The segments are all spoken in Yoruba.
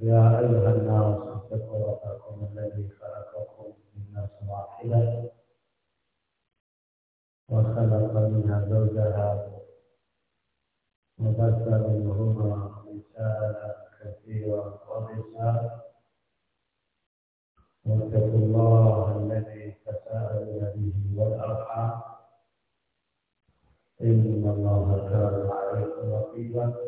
يا أيها الناس اتقوا ربكم الذي خلقكم من نفس واحدة وخلق منها زوجها وبث منهما رسالة كثيرا ونساء واتقوا الله الذي تساءلون به والأرحام إن الله كان عليكم رقيبا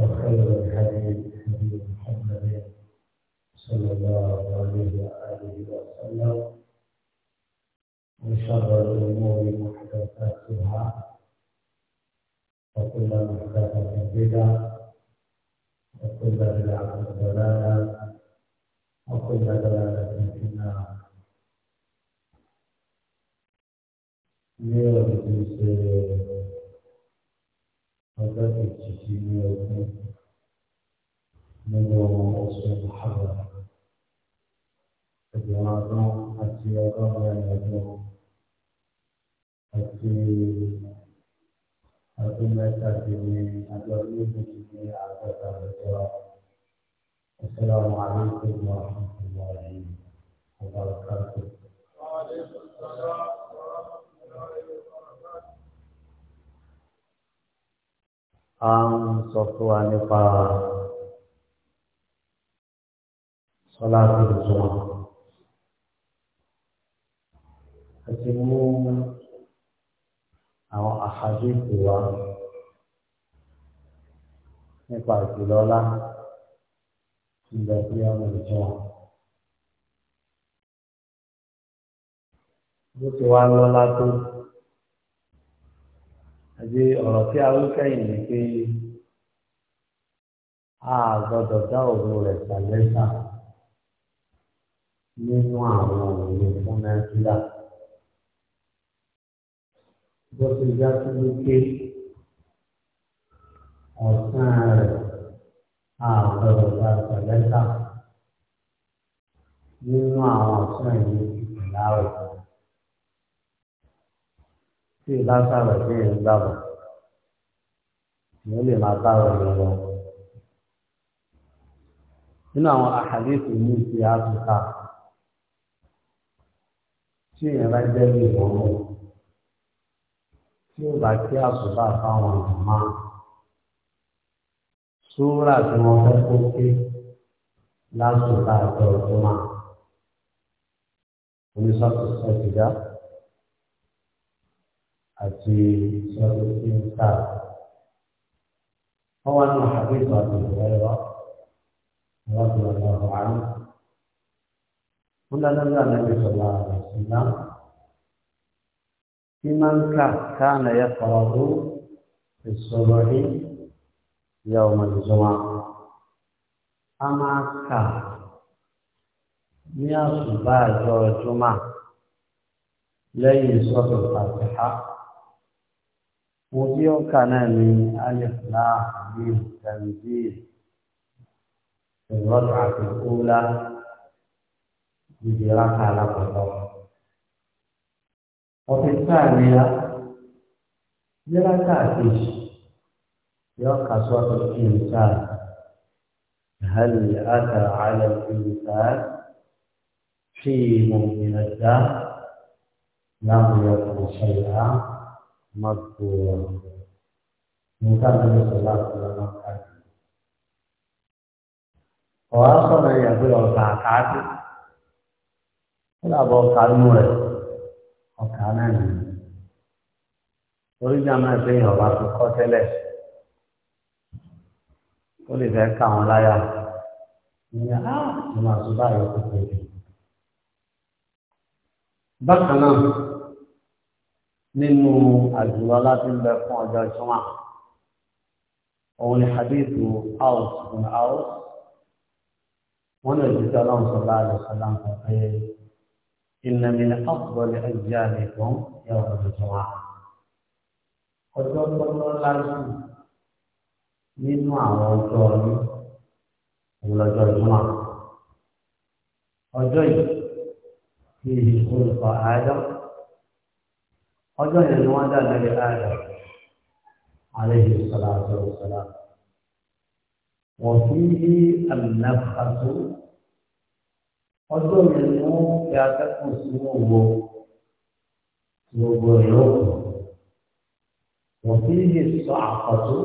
وخير الحديث حديث محمد صلى الله عليه وآله وسلم وشر الأمور محدثاتها وكل محدثة بدعة وكل بدعة ضلالة وكل ضلالة في النار Meu Deus do céu. ọjọ́ kejì ní ogún nínú oṣù Muharram ẹgbẹ̀rún ọdún àti ọgọ́rùn-ún ẹ̀yọ́dún àti ọdún mẹ́tàdínlẹ́ àgbọ̀dún méjì ní àgbàdo àgbẹ̀jọ́ السلام عليكم ورحمة الله وبركاته. وعليكم السلام a ń sọ fún wa nípa sọlá tó ń sọ a ti mú àwọn àhàdìkù wa nípa ìpìlọ́lá ìgbà tí a mọ̀ ìjọ wa. bó ti wá lọ́lá tó àti ọ̀rọ̀ tí a wí kẹ́yìn ni pé a gbọ́dọ̀ dá òun rẹ̀ sàlẹ́sà nínú àwọn òun fún nàìjíríà. bó ti já sí wípé ọ̀sán rẹ̀ a gbọ́dọ̀ dá sàlẹ́sà nínú àwọn ọ̀sán yìí ìlà rẹ̀ tí ìlà sábà tí ìyẹn ń dàbọ̀ ìyẹn lè máa bá ọ̀rọ̀ lọ. nínú àwọn àhàlẹ́sì ní ti áfíríkà tí ìyẹn bá jẹ́ bí ìwọ̀nù tí ó bá kí àsùbà fáwọn àmà sóòrà tí wọ́n fẹ́ kó ké lásùbà àti ọ̀tún máa. Omi sọ́kùsọ́ ti dá àti sọ́dọ̀ sí ń ta. Wọ́n wá nínú àdéhùn àti ìwẹ́rọ àwọn tó lọ lọ́wọ́ àárín. Wọ́n dáná ní àlejò sọ̀rọ̀ àrùn ìsìnlá. Bí máa ń kà káàna yẹ kọ̀ọ̀ ó ìṣòro rí ìyá ọmọ ìjọba. A máa kà ní àsùbá àjọ ìjọba lẹ́yìn sọ́dọ̀ àti ha mo tí ó kà náà ní alifla ní tàbí ìrọ́lù àfikúnlá ìdí ráka alákọ̀ọ́kọ́. ọ̀fíìsì àríyá yẹ́rá káàkiri yọ kà sọ́tò kí n sáà هل أتى على الإنسان حين من الدهر لم يكن شيئا مذكورا من كان النبي صلى الله عليه وسلم وآخر يقول ركعتين ولا بوقع المولد وقع ناني torí jàmbá ṣe yàn bá fi kọ́ tẹ́lẹ̀ ó lè fẹ́ ká wọn láyà ìyá àwọn àṣùbà yóò tó tẹ̀lé. bákan náà nínú àjùlọ láti ń bẹ fún ọjọ́ ìṣúná òun ni hadithu house in house wọn lè jí sọ lọ́wọ́ sọlá àlọ́ sọlá ń sọ pé ìnàmì ní ọ̀pọ̀lọpọ̀ ẹ̀jẹ̀ àmì fún ẹ̀rọ ìṣúná ọjọ́ tọ́lọ́ lájú nínú àwọn ọjọ́ ọdún òun lọ́jọ́ ìṣúná ọjọ́ yìí kí olùkọ́ àádọ́ ọjọ́ yẹn ni wọ́n dá lórí ààrẹ àlejò sọláàtọ̀ sọlá wọ́n fi ní àmìnàfàtó ọjọ́ yẹn ni wọ́n fi akẹ́kọ̀ọ́ sí wọn wo gbogbo ìlọ́kù wọ́n fi ní sọ àkọ́tó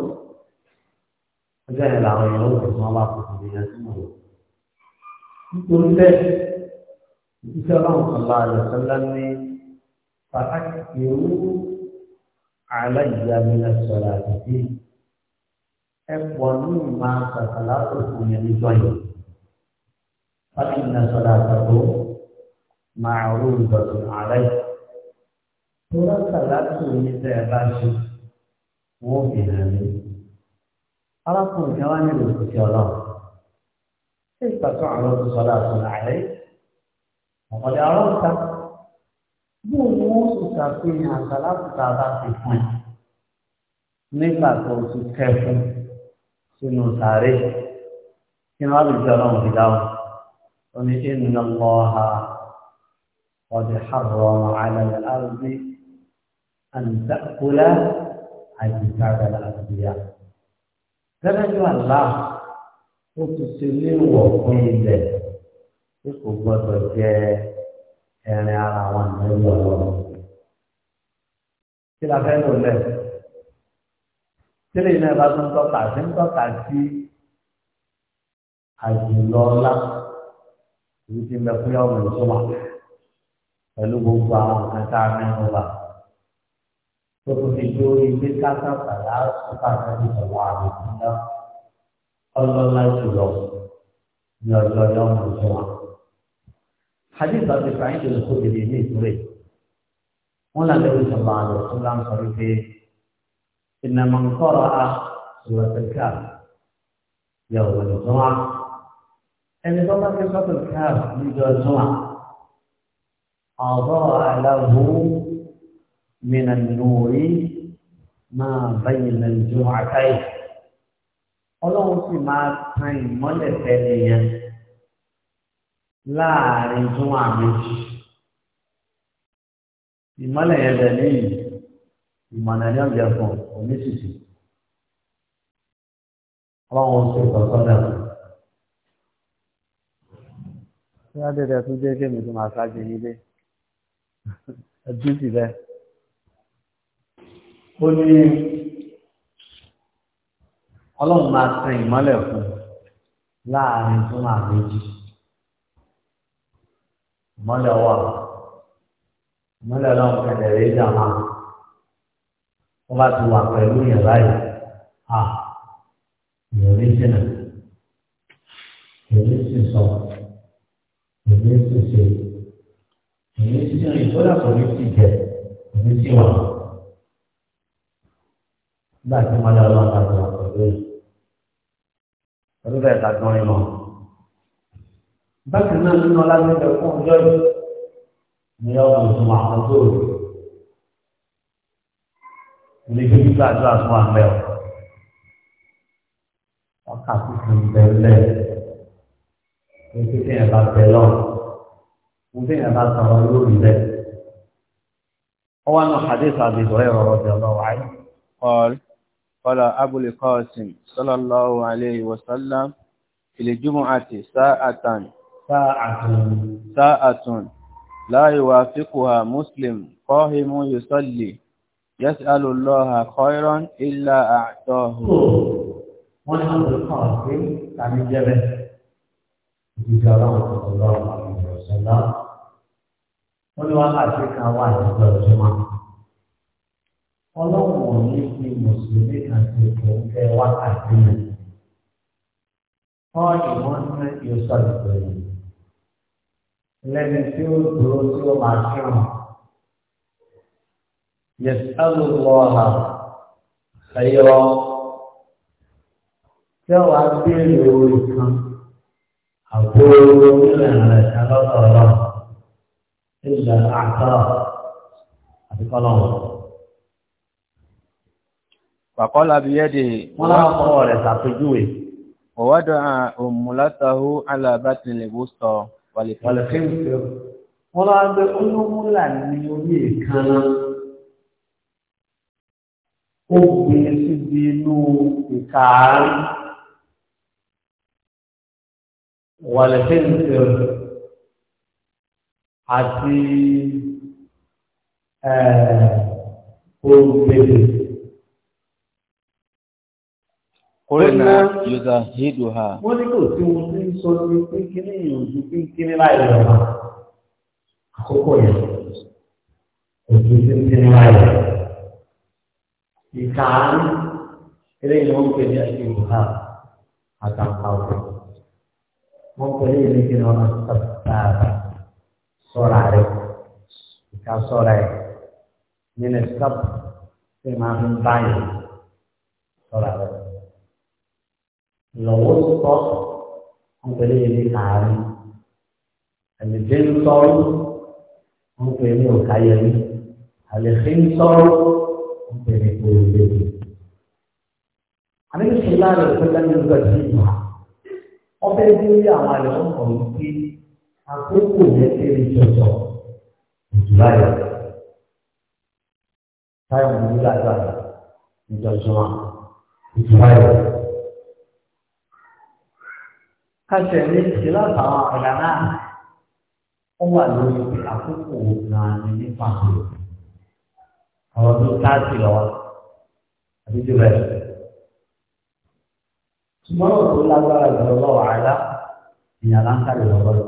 ọjọ́ yẹn làwọn ìlọ́kù tí wọ́n bá kó tó yẹn nítorí bẹ́ẹ̀ ìṣẹ́ ọlọ́run sọlá àlọ́ sọlá ní fàákìrú aláìyá mi lè sọ̀rọ̀ àdìdí ẹ pọ̀ ní ìmọ̀ àtàkàlà tó kù yẹn níjọ́ yìí fàákìrú sọ̀rọ̀ àtàkó máa rú ìdọ̀tún àlẹ́ tó lọ́sàlá tó yẹ tẹ́ ẹ bá ṣe wọ́n fi hàn mí. arákùnrin kan wá nílò ìkòkè ọlọ́run ṣé ìgbàsọ̀ àwọn tó sọ̀rọ̀ àtàkàlà rẹ̀ ọ̀pọ̀lọpọ̀ àwọn ọ̀tá bóun oṣù ṣàfihàn àgbàlagbà tààbà ti fún ẹ nígbà tó o ti kẹfún sínú sàárè kí ni wàá lè jẹ ọlọ́run fi dáhùn ó ní inna Allaha qad harrama 'ala al-ardi an àbíyá gẹ́gẹ́ bí àlá ó ti ṣe léwọ̀ fún ilẹ̀ tí kò gbọ́dọ̀ jẹ ẹ̀rin ara wọn lẹ́yìn ọlọ́run kí la fẹ́ lò lẹ̀. Tílé iná bá tún tọ́ka sí ń tọ́ka sí àjùlọ ọlá èyí tí mẹ́kúnyá ọmọ ìṣọ́wà pẹ̀lú gbogbo àwọn nǹkan tá a mẹ́nu bá. Tó tún fi dé ilé káká pàlá sọ́kà náà ní ìwà àbùkù ọlọ́lá jùlọ ní ọjọ́ ọmọ ìṣọ́wà. Hadith àti Sàyìn tó lè kó bèrè ní ìtúrẹ́ yìí wọn là lórí sọlá àlọ tó bá ń sọ wípé ìnàmọ nkọrọ a sọlá tẹlifíà yà wọ ní tọ́wá ẹni tó bá kẹ́kọ̀ọ́ tẹlifíà níjọ tọ́wá ọ̀dọ́ àlàbù mìíràn nùrí máa bẹ́yìn lẹ́jọ́ àkáyè ọlọ́run sì máa tan ìmọ́lẹ̀ tẹ́lẹ̀ yẹn láàrin tún àmì jù. e yẹn dẹ̀ lẹ́yìn ìmọ̀nà ní ọ̀jẹ̀ fún òní ṣìṣì ọlọ́run ṣe ìtọ́sọ́dà. ṣé adédè tún dé kémi tó máa ṣáájú yín ẹbí sì bẹ́ẹ̀. ó ní ọlọ́run máa tan ìmọ̀lẹ̀ fún láàrin tó máa méjì wà. ìmọ́lẹ̀ ọlọ́run kẹlẹ̀ rẹ̀ dà máa wọ́n bá ti wà pẹ̀lú yẹn báyìí à èèyàn ní sínú èèyàn sì sọ èèyàn sì ṣe èèyàn sì ṣe ìtọ́jà kò ní sì jẹ kò ní sì wà nígbà tí ìmọ́lẹ̀ ọlọ́run bá ti wà pẹ̀lú yẹn pẹ̀lú bẹ́ẹ̀ ká gbọ́n yín mọ́ bákan náà nínú ọlá ló ń bẹ fún ọjọ́ yìí ní ọ̀dọ̀ tó máa kọ́ tó rò. Ilé tó ní gbàdúrà fún àmẹ́ ọ̀. Wọ́n kà sí fún bẹ́ẹ̀lẹ̀. Ní kékeré yẹn bá bẹ lọ. Mo bí yẹn bá sọ̀rọ̀ lórí rẹ̀. Ó wá nù Hadith Abi Hurairah radiyallahu anhu. Qal qala Abul Qasim sallallahu alayhi wa sallam fil jumu'ati sa'atan. Sa'atun. Sa'atun. لا يوافقها مسلم قاهم يصلي يسأل الله خيرا إلا أعطاه منهم القاسم عن الجبل بجرام صلى الله عليه وسلم olùwàkàtí kan wà nígbà ìjọba ọlọ́run ò ní fi mùsùlùmí kan ti kò ń fẹ́ wákàtí mi. wọ́n ní wọ́n ń lẹ́ni tí ó dúró tí ó máa kírun. Yẹ̀sálù lọ́ha ẹ̀yọ́ tí ó wá béèrè orí kan àbúrò onílẹ̀ rẹ̀ lọ́tọ̀ọ̀lọ́ ilẹ̀ àtọ́ àti kọ́lọ́mù. Fàkọ́lá bí yẹ́dì wọ́n láwọn fọwọ́ rẹ̀ ṣàpèjúwe. Òwádọ́ àmúlátàhú alábátìlẹ̀ wọ́sọ̀ wàlẹ̀ fíìmù wọ́n lọ́wọ́ gbé olómúlà ní orí èékánná ó gbé síbi inú ìkàárí wàlẹ̀ fíìmù àti ògbèlè. kólínà yóò hídù ha. wọ́n ní kò sí wọn tí ń sọ ní pínkínní ìyànjú pínkínní láì lọ àkókò yẹn kò sí pínkínní láì lọ. ìkàánú eléyìí wọ́n ń pè ní àṣìwò ha àtàkàwọ̀ wọ́n pè ní kí ni wọ́n á sọ̀rọ̀ rẹ̀ ìka sọ̀rọ̀ rẹ̀ nínú ìsọ́pù tí màá ń báyìí sọ̀rọ̀ rẹ̀. الوسطى هم كلي اللي تعالي الجن صار هم كلي وكايري الخين صار هم كلي كلي àníbi sùlá rẹ̀ pẹ̀lú ẹni ọgbà tí ì wá ọbẹ̀ ẹbí orí àwọn àlẹ́ ọkọ̀ wípé àkókò yẹn kéré jọjọ ìjùlá yẹn táyà mọ̀ nígbà tó àgbà ìjọjọ wa ìjùlá yẹn káṣẹ ní ṣe látàwọn ọ̀gá náà ó wà lórí àkókò ògùnàní nípa ọ̀rọ̀ tó táàtì lọ́wọ́ àti jù bẹ́ẹ̀. ṣùgbọ́n ọ̀rọ̀ tó lágbára jù lọ́wọ́ àdá ìyá láńkàlì lọ́wọ́ ọ̀rọ̀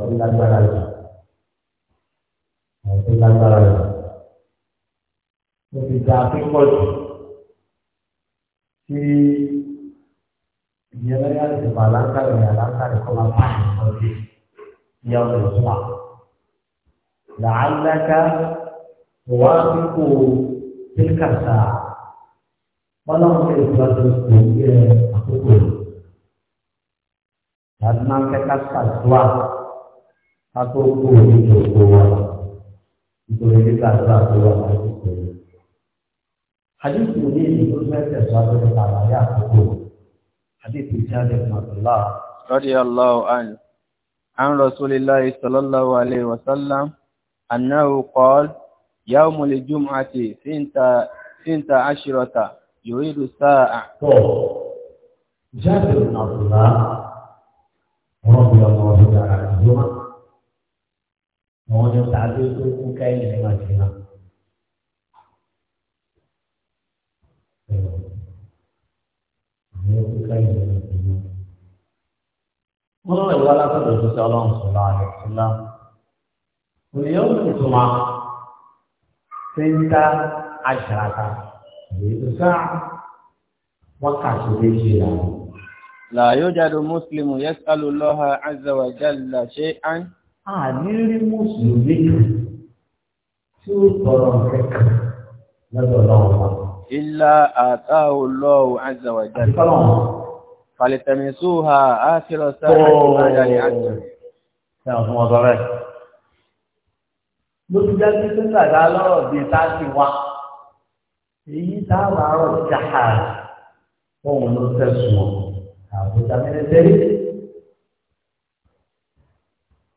tó lágbára jù ọ̀rọ̀ tó lágbára jù ó ti da pípọ̀ jù sí ìyẹn lọ́yà ti bà láńkàrẹ̀ yà láńkàrẹ̀ kọ́ máa bá àwọn ọmọ bíi ìyá ọmọ ìtura. làálàkà wà kíkó píkàtà ọlọ́run lè gba tó kò yẹ àkókò rẹ̀. láti máa ń fẹ́ ká ṣàdúrà حديث جابر بن عبد الله رضي الله عنه عن رسول الله صلى الله عليه وسلم أنه قال يوم الجمعة سنت سنت عشرة يريد الساعة جابر بن عبد الله رضي الله تعالى عنهما وهو تعبير كاين لما فيها lẹ́yìn rẹ̀ lọ́dún. wọ́n lọ́wọ́ ìwà látọ̀dọ̀ tó ṣe ọlọ́run sọ̀rọ̀ àrẹ ṣọlá. ònìyàn ó sì tún wa ṣe ń dá àṣàràtà èyí tó sá wákàtí méjì rà. لا يوجد مسلم يسأل الله عز وجل شيئا àníírí mùsùlùmí tí ó tọrọ kẹkẹ lọ́dọ̀ lọ́wọ́ إلا آتاه الله عز وجل فلتمسوها آخر ساعة بعد العصر ló ti jáde tó gbàgbá lọ́rọ̀ bíi tá a ti wá èyí tá a wà rọ̀ jáà fóun ló tẹ̀sùn ọ̀ àbújá mẹ́tẹ́rì.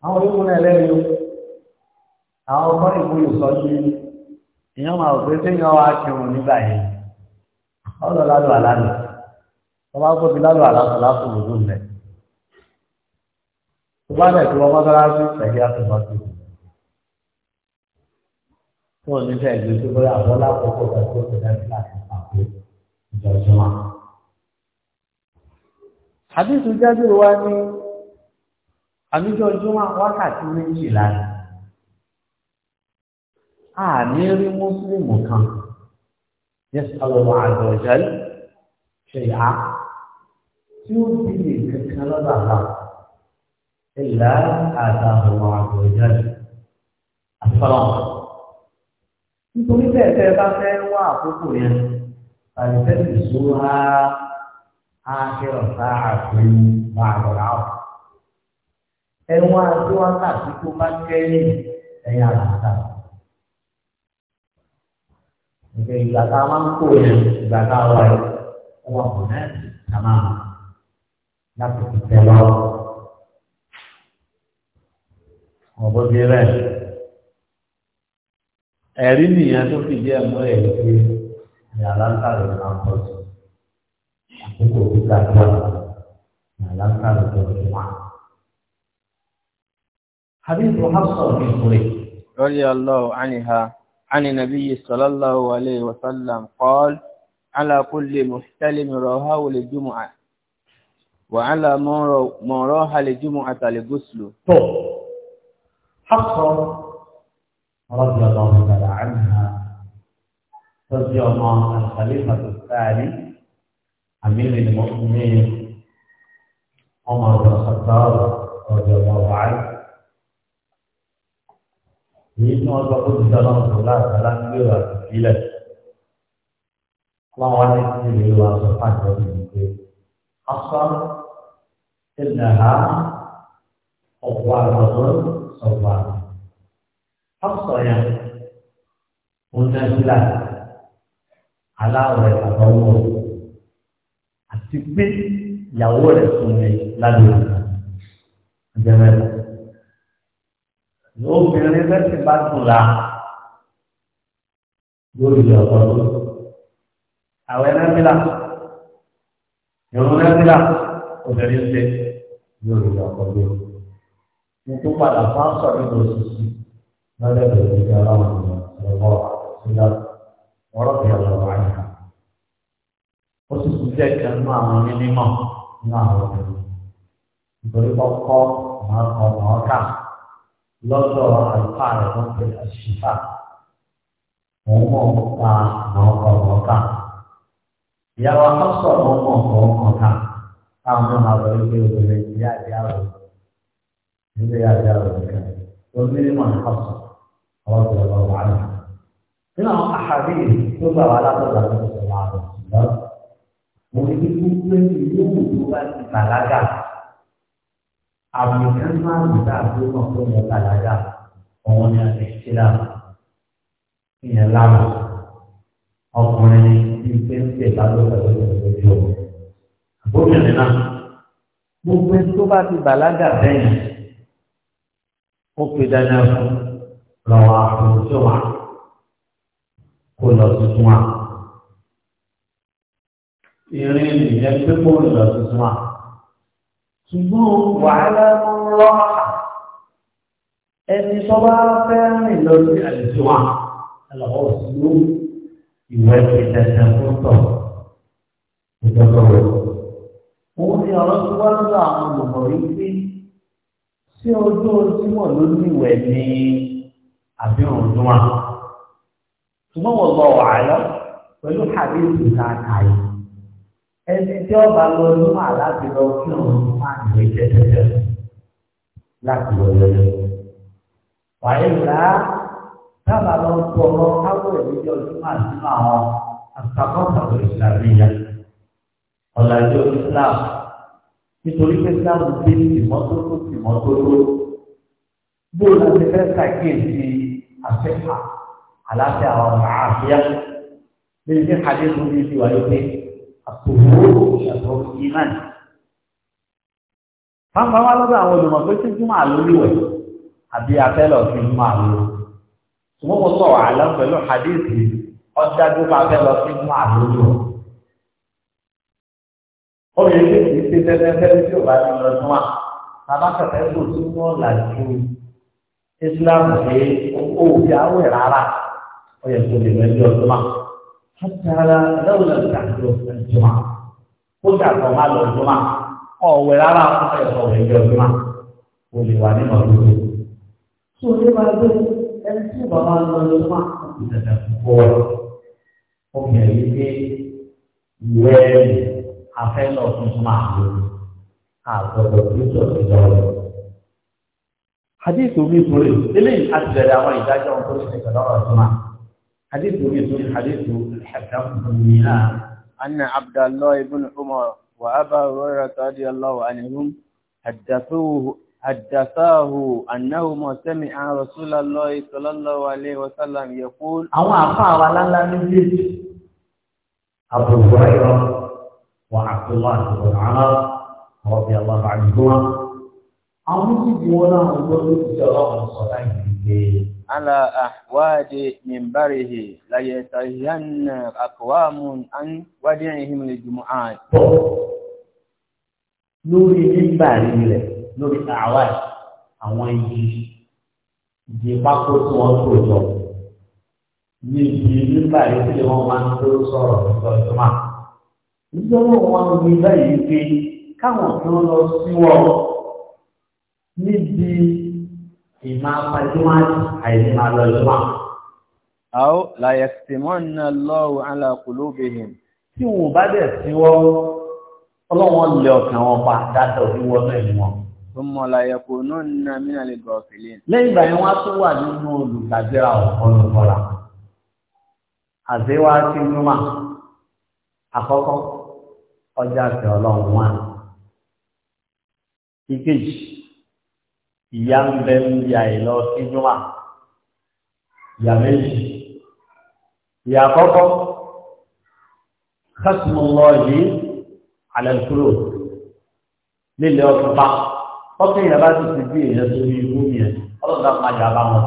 àwọn yòókù náà lẹ́yìn o àwọn ọmọ ìwé ìsọjí èèyàn máa pè sí èèyàn wá kírun nígbà yẹn ọlọ́ lálù àlálù wọ́n bá tóbi lálù àlálù láti lòdù lẹ̀ tó bá dẹ̀ tó wọ́n mọ́sálásí tẹ̀lé àtúntò sí i tó ní fẹ́ gbé tó bóyá àwọn lákòókò kan tó tẹ̀lé láti pàpé ìjọ̀jọ́mọ́. àdìsú jáde wá ní àmì ìjọ̀jọ́mọ́ wákàtí méjìlá ni àmì rí mùsùlùmù kan ní sọlọ́wọ́ àgbọ̀jẹ́lì ṣe yá tí ó bí lè kankan lọ́dọ̀ àbá ìlà àtàwọn àgbọ̀jẹ́lì àfọlọ́wọ́. nítorí bẹ́ẹ̀ tẹ́ bá fẹ́ wá àkókò yẹn àìsẹ́sì sóhá ákẹ́rọ̀sá àti bàbàrà ọ̀. ẹ̀wọ̀n àti wákàtí tó bá kẹ́yìn ẹ̀yà àlàáfíà. Jadi bila tak mampu ya, bila sama. Nak belok. Apa dia? Ẹ̀rí nìyẹn tó fi jẹ́ mọ́ ẹ̀rí pé ní aláǹkàrọ̀ ní àpọ̀jù. Àkókò gbígbà tó wà ní aláǹkàrọ̀ tó fi wà. Habib Hafsa bin Kure. Radiyallahu anha. عن النبي صلى الله عليه وسلم قال على كل مستلم راه للجمعة وعلى من راه للجمعة لغسل حقا رضي الله تعالى عنها رضي الله الخليفة الثاني أمير المؤمنين عمر بن الخطاب رضي الله عنه èyí tí wọ́n sọ pé ti sọ́nà ọ̀sán láàbà láńgbé wà sílẹ̀ wọ́n wá ní sí ìlú wa sọ fáàjọ ìlú pé aṣọ ìdàgbà ọ̀pọ̀ àgbàdo sọ̀gbà aṣọ yẹn wọ́n náà sílẹ̀ aláwọ̀ ẹ̀ka lọ́wọ́ àti pé ìyàwó rẹ̀ sùn ní lálẹ́ ìgbà ìjẹun ẹ̀ka lóbìnrin mẹ́sìn bá dùn la lórí ọ̀tọ̀ tó àwọn ẹlẹ́mìlá ìrún ẹlẹ́mìlá obìnrin ṣe lórí ọ̀tọ̀ tó ní tó padà fún aṣọ nínú òṣìṣì lọ́dẹ̀ tó ti di ọlọ́run ní ọ̀rọ̀ sílá ọ̀rọ̀ bí ọ̀rọ̀ wáyé ha ó sì tún jẹ́ kan nínú àwọn onímọ̀ nínú àwọn obìnrin nítorí kọ́kọ́ màá kọ́ màá kà lọ́dọ̀ àlùfáà rẹ̀ wọ́n pè é ṣìfà mọ̀ nípa àwọn ọ̀rọ̀ ìyàwó akọ́sọ̀ wọn mọ̀ ọ̀rọ̀ ká táwọn náà máa lọ ilé obìnrin ilé àdéhàwò ilé àdéhàwò nìkan obìnrin mọ̀ akọ́sọ̀ ọ̀rọ̀ ìjọba wà ní. nínú àwọn àhàbí tó gbà wá látọ̀dọ̀ àti ìṣẹ̀lẹ̀ ṣùgbọ́n mo ní kí gbogbo ẹni yóò wù tó bá ti bàlágà àmì kan máa ń gbà pé wọn fún wọn bàlágà ọwọn ni àtẹ̀síra ìyẹn lára ọkùnrin ní pé ń tẹ̀ bá lọ́sọ̀ lọ́sọ̀ lójú ọ̀ àbóbìnrin náà gbogbo ẹni tó bá ti bàlágà bẹ́ẹ̀ ó pe dandan fún lọ́wọ́ àkùnjọ́ wa kó lọ tuntun wa ìrìn ìyẹn pé kó lọ tuntun wa ṣùgbọ́n wàhálà ń rọ́ ẹni sọ́bá fẹ́ rìn lọ sí àlùfíwà àlọ́wọ́ sílú ìwẹ̀ ìdẹ̀dẹ̀ fúntọ̀ ìdọ́tọ̀rọ̀. Òun ni ọ̀rọ̀ tó wá lọ́dọ̀ àwọn olùkọ́ yìí pé sí ojú ojúmọ̀ ló níwẹ̀ ní àbí òǹdúnwà. Ṣùgbọ́n wọ́n lọ wàhálà pẹ̀lú àdéhùn ìta ẹni tí ọba lọ ọdún máa láti lọ kí òun máa nù ní tẹ́tẹ́tẹ́ láti lọ lọ́dọ̀. wàyí ńlá dábàá lọ kú ọmọ káwọ́ ìdíje ọdún máa sínú àwọn àtàkọ́tàkọ́ ìsìlámíyà ọ̀làjú islam nítorí pé islam gbé tìmọ́tótó tìmọ́tótó bó o láti fẹ́ ṣàkíyèsí àfẹ́fà aláfẹ́ àwọn àmàáfíà lè ní àdéhùn bíi ti wáyé pé àtòwúrò ìyàtọ̀ iman. Pápá wá lọ́dọ̀ àwọn olùmọ̀ pé tí tí máa lórí wẹ̀ àbí afẹ́lọ̀ fi máa lò. Ṣùgbọ́n mo sọ̀rọ̀ àlọ́ pẹ̀lú hadithi ọjà tó bá fẹ́ lọ sí máa lórí wẹ̀. Obìnrin tí kì í ṣe tẹ́tẹ́tẹ́ tí ò bá ti lọ sí wa, bàbá kẹfẹ́ tó tún mọ́ làjú Islam pé ó fi àwẹ̀ rárá ó yẹ kó lè lọ ẹjọ́ tó hátàrà lọ́wọ́lọ́ ìdàgbọ́ ìjọba ó dàgbọ́ má lọ ìjọba ọ̀wẹ̀ rárá fún ẹ̀sọ́ ọ̀wẹ̀ ìjọ ìjọba ó lè wà nínú ọdún tó. o lè máa gbé ẹni tí bàbá lọ ìjọba ìdàgbà púpọ̀ wọ̀ ọmọ yìí pé ìwé afẹ́lọ́ tuntun máa lò àgbọ̀dọ̀ tó jọ ìjọba. hadith omi ìfúre eléyìí àti ìrẹ̀lẹ̀ àwọn ìdájọ́ ọ̀hún tó ṣe حديث من حديث الحكم بن أن عبد الله بن عمر وأبا هريرة رضي الله عنهم حدثوه حدثاه ما سمع رسول الله صلى الله عليه وسلم يقول أو أفا ولا لا نجد أبو هريرة وعبد الله بن عمر رضي الله عنهما أو نجد ولا نقول صلى الله على أحواد منبره ليتهين أقوام عن ودعهم للجمعات lórí nígbà rílẹ̀ lórí àwa àwọn igi igi pákó tí wọ́n tó jọ ní igi nígbà rílẹ̀ wọ́n máa ń tó sọ̀rọ̀ lọ́jọ́ máa nígbà wọn wọn ń gbé báyìí pé káwọn kan lọ sí wọn níbi ìmọ̀ apájúmọ́ àìní máa lọ jùmọ̀. àó làyẹ̀ tìmọ́ náà lọ́wọ́ alákòóló bẹ̀yẹn tí wọn bá dẹ̀ sí wọ́n ọlọ́wọ́n lẹ ọ̀kàn wọn pa dáadáa òbí wọn náà ni wọn. ọmọ làyẹ̀ kò náà nínú àmínà lè lẹ́yìn ìgbà ìyá ń bẹ ń ya ìlọ sí júmọ̀ ìyá méjì ìyá àkọ́kọ́ kásìmọ̀lọ́ yìí àlẹ́kúrò nílẹ̀ ọ̀túnfà ọkùnrin yàrá ti ti bí èèyàn sórí ikú yẹn ọlọ́dà máa jà bá wọn.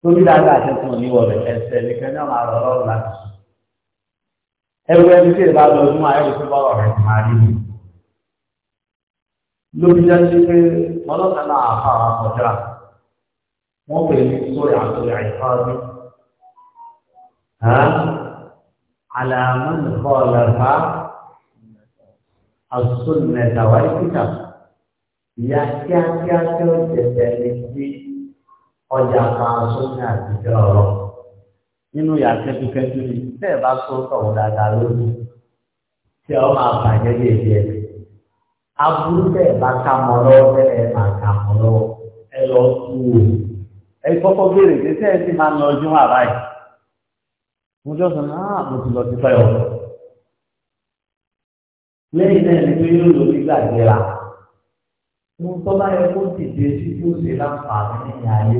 torí dáadáa àti ẹ̀sìn òní wọlé ẹsẹ̀ nìkan náà máa rọ ọlọ́run láti ẹgbẹ́ ẹni tí ìbá lọ ọdún ayélujára ọ̀rẹ́ máa rí mi lórí dájú pé ọlọ́ta náà fara kọjá wọ́n pè ní sórí àtòrí àìfáàbí àlàmán kọlọ̀fà àsùnẹ̀dàwà ìpìtà ìyá kíákíá tí ó tẹ̀tẹ̀ lè fi ọjà kan sókè àtijọ́ ọ̀rọ̀ nínú ìyá kẹ́tùkẹ́tù ni bẹ́ẹ̀ bá sọ́tọ̀ dáadáa lónìí tí ọ máa bàjẹ́ lè di ẹ̀ aburú bẹ́ẹ̀ bá ka mọ́ lọ́wọ́ bẹ́ẹ̀ bá ka mọ́ lọ́wọ́ ẹ lọ tú o ẹ kọ́kọ́ béèrè pé sẹ́ẹ̀ sì máa ń lọ ọdún àbá yìí mo jọ sọ náà mo ti lọ sí fẹ́ ọ lẹ́yìn náà ni pé yóò lò nígbà jẹra mo tọ́ bá yẹ kó dìde sí kí ó ṣe láǹfààní nìyẹn ayé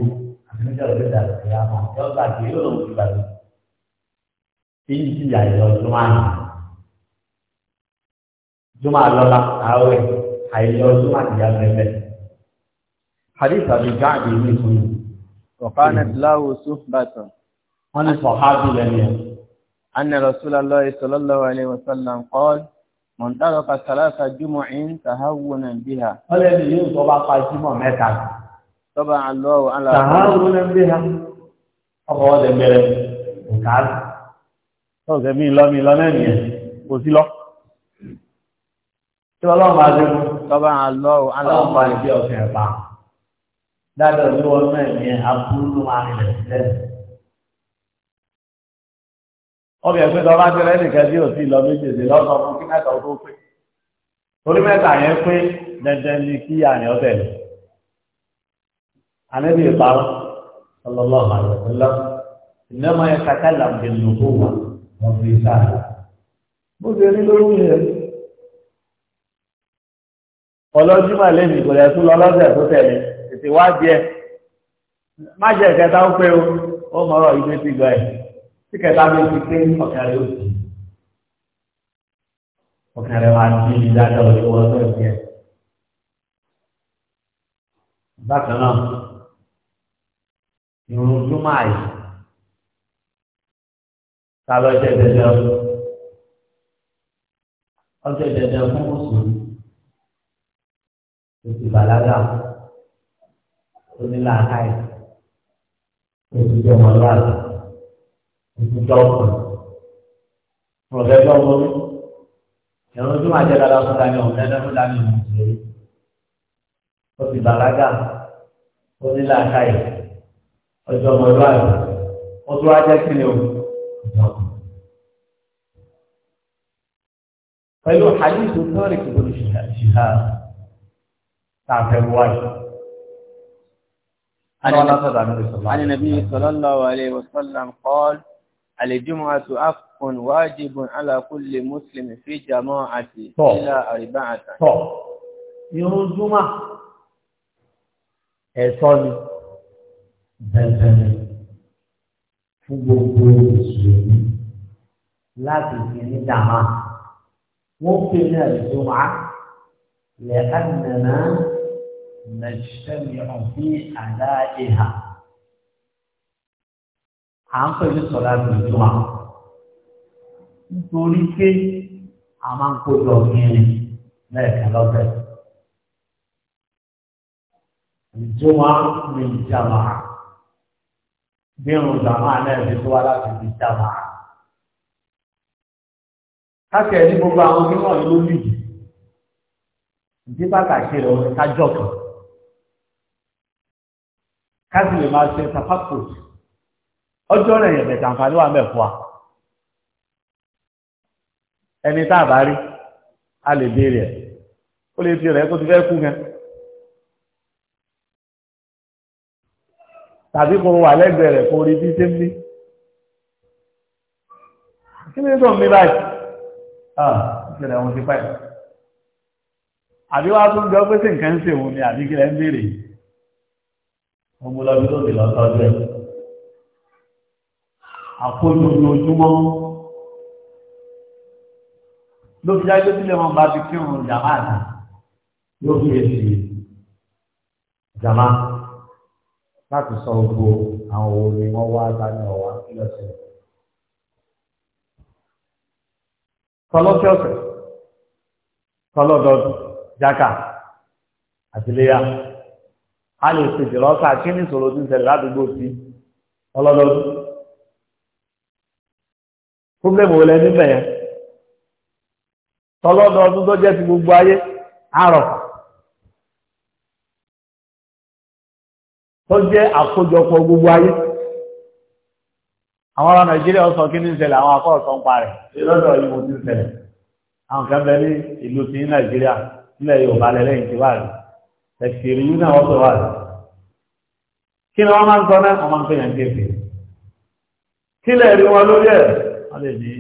àti níjà òde dàbí ìyá mọ̀ ẹ yóò lòun ti gbàgbé èyí ti yà ìyọ̀jú máa juma lọ́la àwẹ̀ àìlọ juma ti yàgbẹ hadith abi jaadi ní ìfúnni. وكانت له صحبة. wọ́n ní sọ̀hábì lẹ́nu yẹn. أن رسول الله صلى الله عليه وسلم قال من ترك ثلاث جمع تهونا بها. wọ́n lè ní yóò sọ bá pa jùmọ̀ mẹ́ta. على تهاونا بها. ọkọ̀ wọ́n ti bẹ̀rẹ̀ nǹkan. ọ̀gẹ̀ mi lọ mi lọ náà tí ọlọ́run bá dé mú. tọ́ba àlọ́ aláwọ̀ bá ibi ọ̀sẹ̀ bá. dáadáa ní wọn náà yẹn abúlé máa ń lẹ̀ sílẹ̀. ọbẹ̀ pé tọ́ba ti rẹ́ nìkan tí ò sí lọ méjèèjì lọ́sọ̀ fún kí mẹ́ta ó tó pé. torí mẹ́ta yẹn pé dandan ni kí àyàn ọbẹ̀ lọ. ànábì ìparọ́ sallallahu alaihi wasallam innama yatakallamu bin-nubuwwah wọ́n fi sáà. bó ṣe rí lórí yẹn ọlọ́júmọ̀ lẹ́nu ìgbọ̀lẹ̀ tún lọ lọ́sẹ̀ tó tẹ̀lé tètè wá jẹ má jẹ kẹta ó pé o ó mọ̀rọ̀ ìgbé ti gbọ́ ẹ̀ tí kẹta mi ti pé ọ̀kẹ́rẹ́ ó ti ọ̀kẹ́rẹ́ wa ti ní dáadáa òṣèlú ọ̀sẹ̀ ìgbẹ́ bákan náà ìrùn júmọ̀ àyè ta lọ jẹ dẹdẹ ọjọ́ dẹdẹ fún tó balaga, bàlágà tó ní làákàyè tó ti jẹ ọmọ lọ́wọ́ tó ti jẹ ọkọ pọ̀fẹ́sọ̀ ọmọ mi ẹ̀rọ tó máa jẹ dáadáa fún dání ọ̀hún dáadáa fún dání ọ̀hún ṣe é tó ti bàlágà tó ní làákàyè ọjọ́ ọmọ lọ́wọ́ ó tún wá jẹ́ kí tààfẹ́ wáyé. عن النبي صلى الله عليه وسلم قال الجمعة أفق واجب على كل مسلم في جماعة إلى أربعة يوم الجمعة ẹ̀sọ́ ni bẹ̀rẹ̀ fún gbogbo mùsùlùmí láti fi ní dàmà wọ́n fi ní ẹ̀sùn wá lẹ́ẹ̀kan nìyẹn nàìjíríà bí àdá ìhà à ń pẹ̀lú sọ̀rọ̀ àgbèjọ wa nítorí pé a máa ń kójọ ọ̀gbìnrin lẹ́ẹ̀kan lọ́sẹ̀. Ìjọba ní ìjàmbá bí irun jàmbá náà ti tó wá láti fi jàmbá. Káṣẹ̀ ní gbogbo àwọn onímọ̀ lórí ìdí bàtà ṣe lọ kájọ̀ káàsì lè máa ṣe tafakùs ọjọ́ rẹ̀ yẹn mẹ́ta nǹkan ló wà mẹ́fọ́ a ẹni tá a bá rí a lè béèrè ẹ̀ ó lè fi rẹ̀ kó ti fẹ́ kú gan tàbí kó wà lẹ́gbẹ̀ẹ́ rẹ̀ kó rí bí ṣe ń bí kí ni tó ń bí báyìí ah ìṣẹ̀lẹ̀ àwọn ti pẹ́ àbí wàá tún jọ pé sí nǹkan ń ṣe òun ni àbí kí lẹ́ ń béèrè yìí wọ́n mú lọ́bí lóde lọ́tọ́jú ẹ̀. Àkójọ ojoojúmọ́ ló fi dájú sílẹ̀ wọn bá fi kírun jàmá àná yóò fi èsì jàmá láti sọ gbogbo àwọn òun ni wọ́n wá dání ọ̀wá lọ́sẹ̀. Tọ́lọ́sẹ̀ ọ̀sẹ̀, jákà, àtìléyà. a lè ṣe jùlọ ká kí ní ìṣòro tí ń ṣẹlẹ̀ ládùúgbò sí ọlọ́dọọdún fúnbẹ́mù olẹ níbẹ̀ yẹn tó jẹ́ ti gbogbo ayé tó jẹ́ àkójọpọ̀ gbogbo ayé àwọn ará ẹ̀sìn yìí náà wọ́n sọ wá kí ni wọ́n máa ń sọ náà wọ́n máa ń pè yàn kéèké kí lè rí wọn lórí ẹ̀ wọ́n lè ní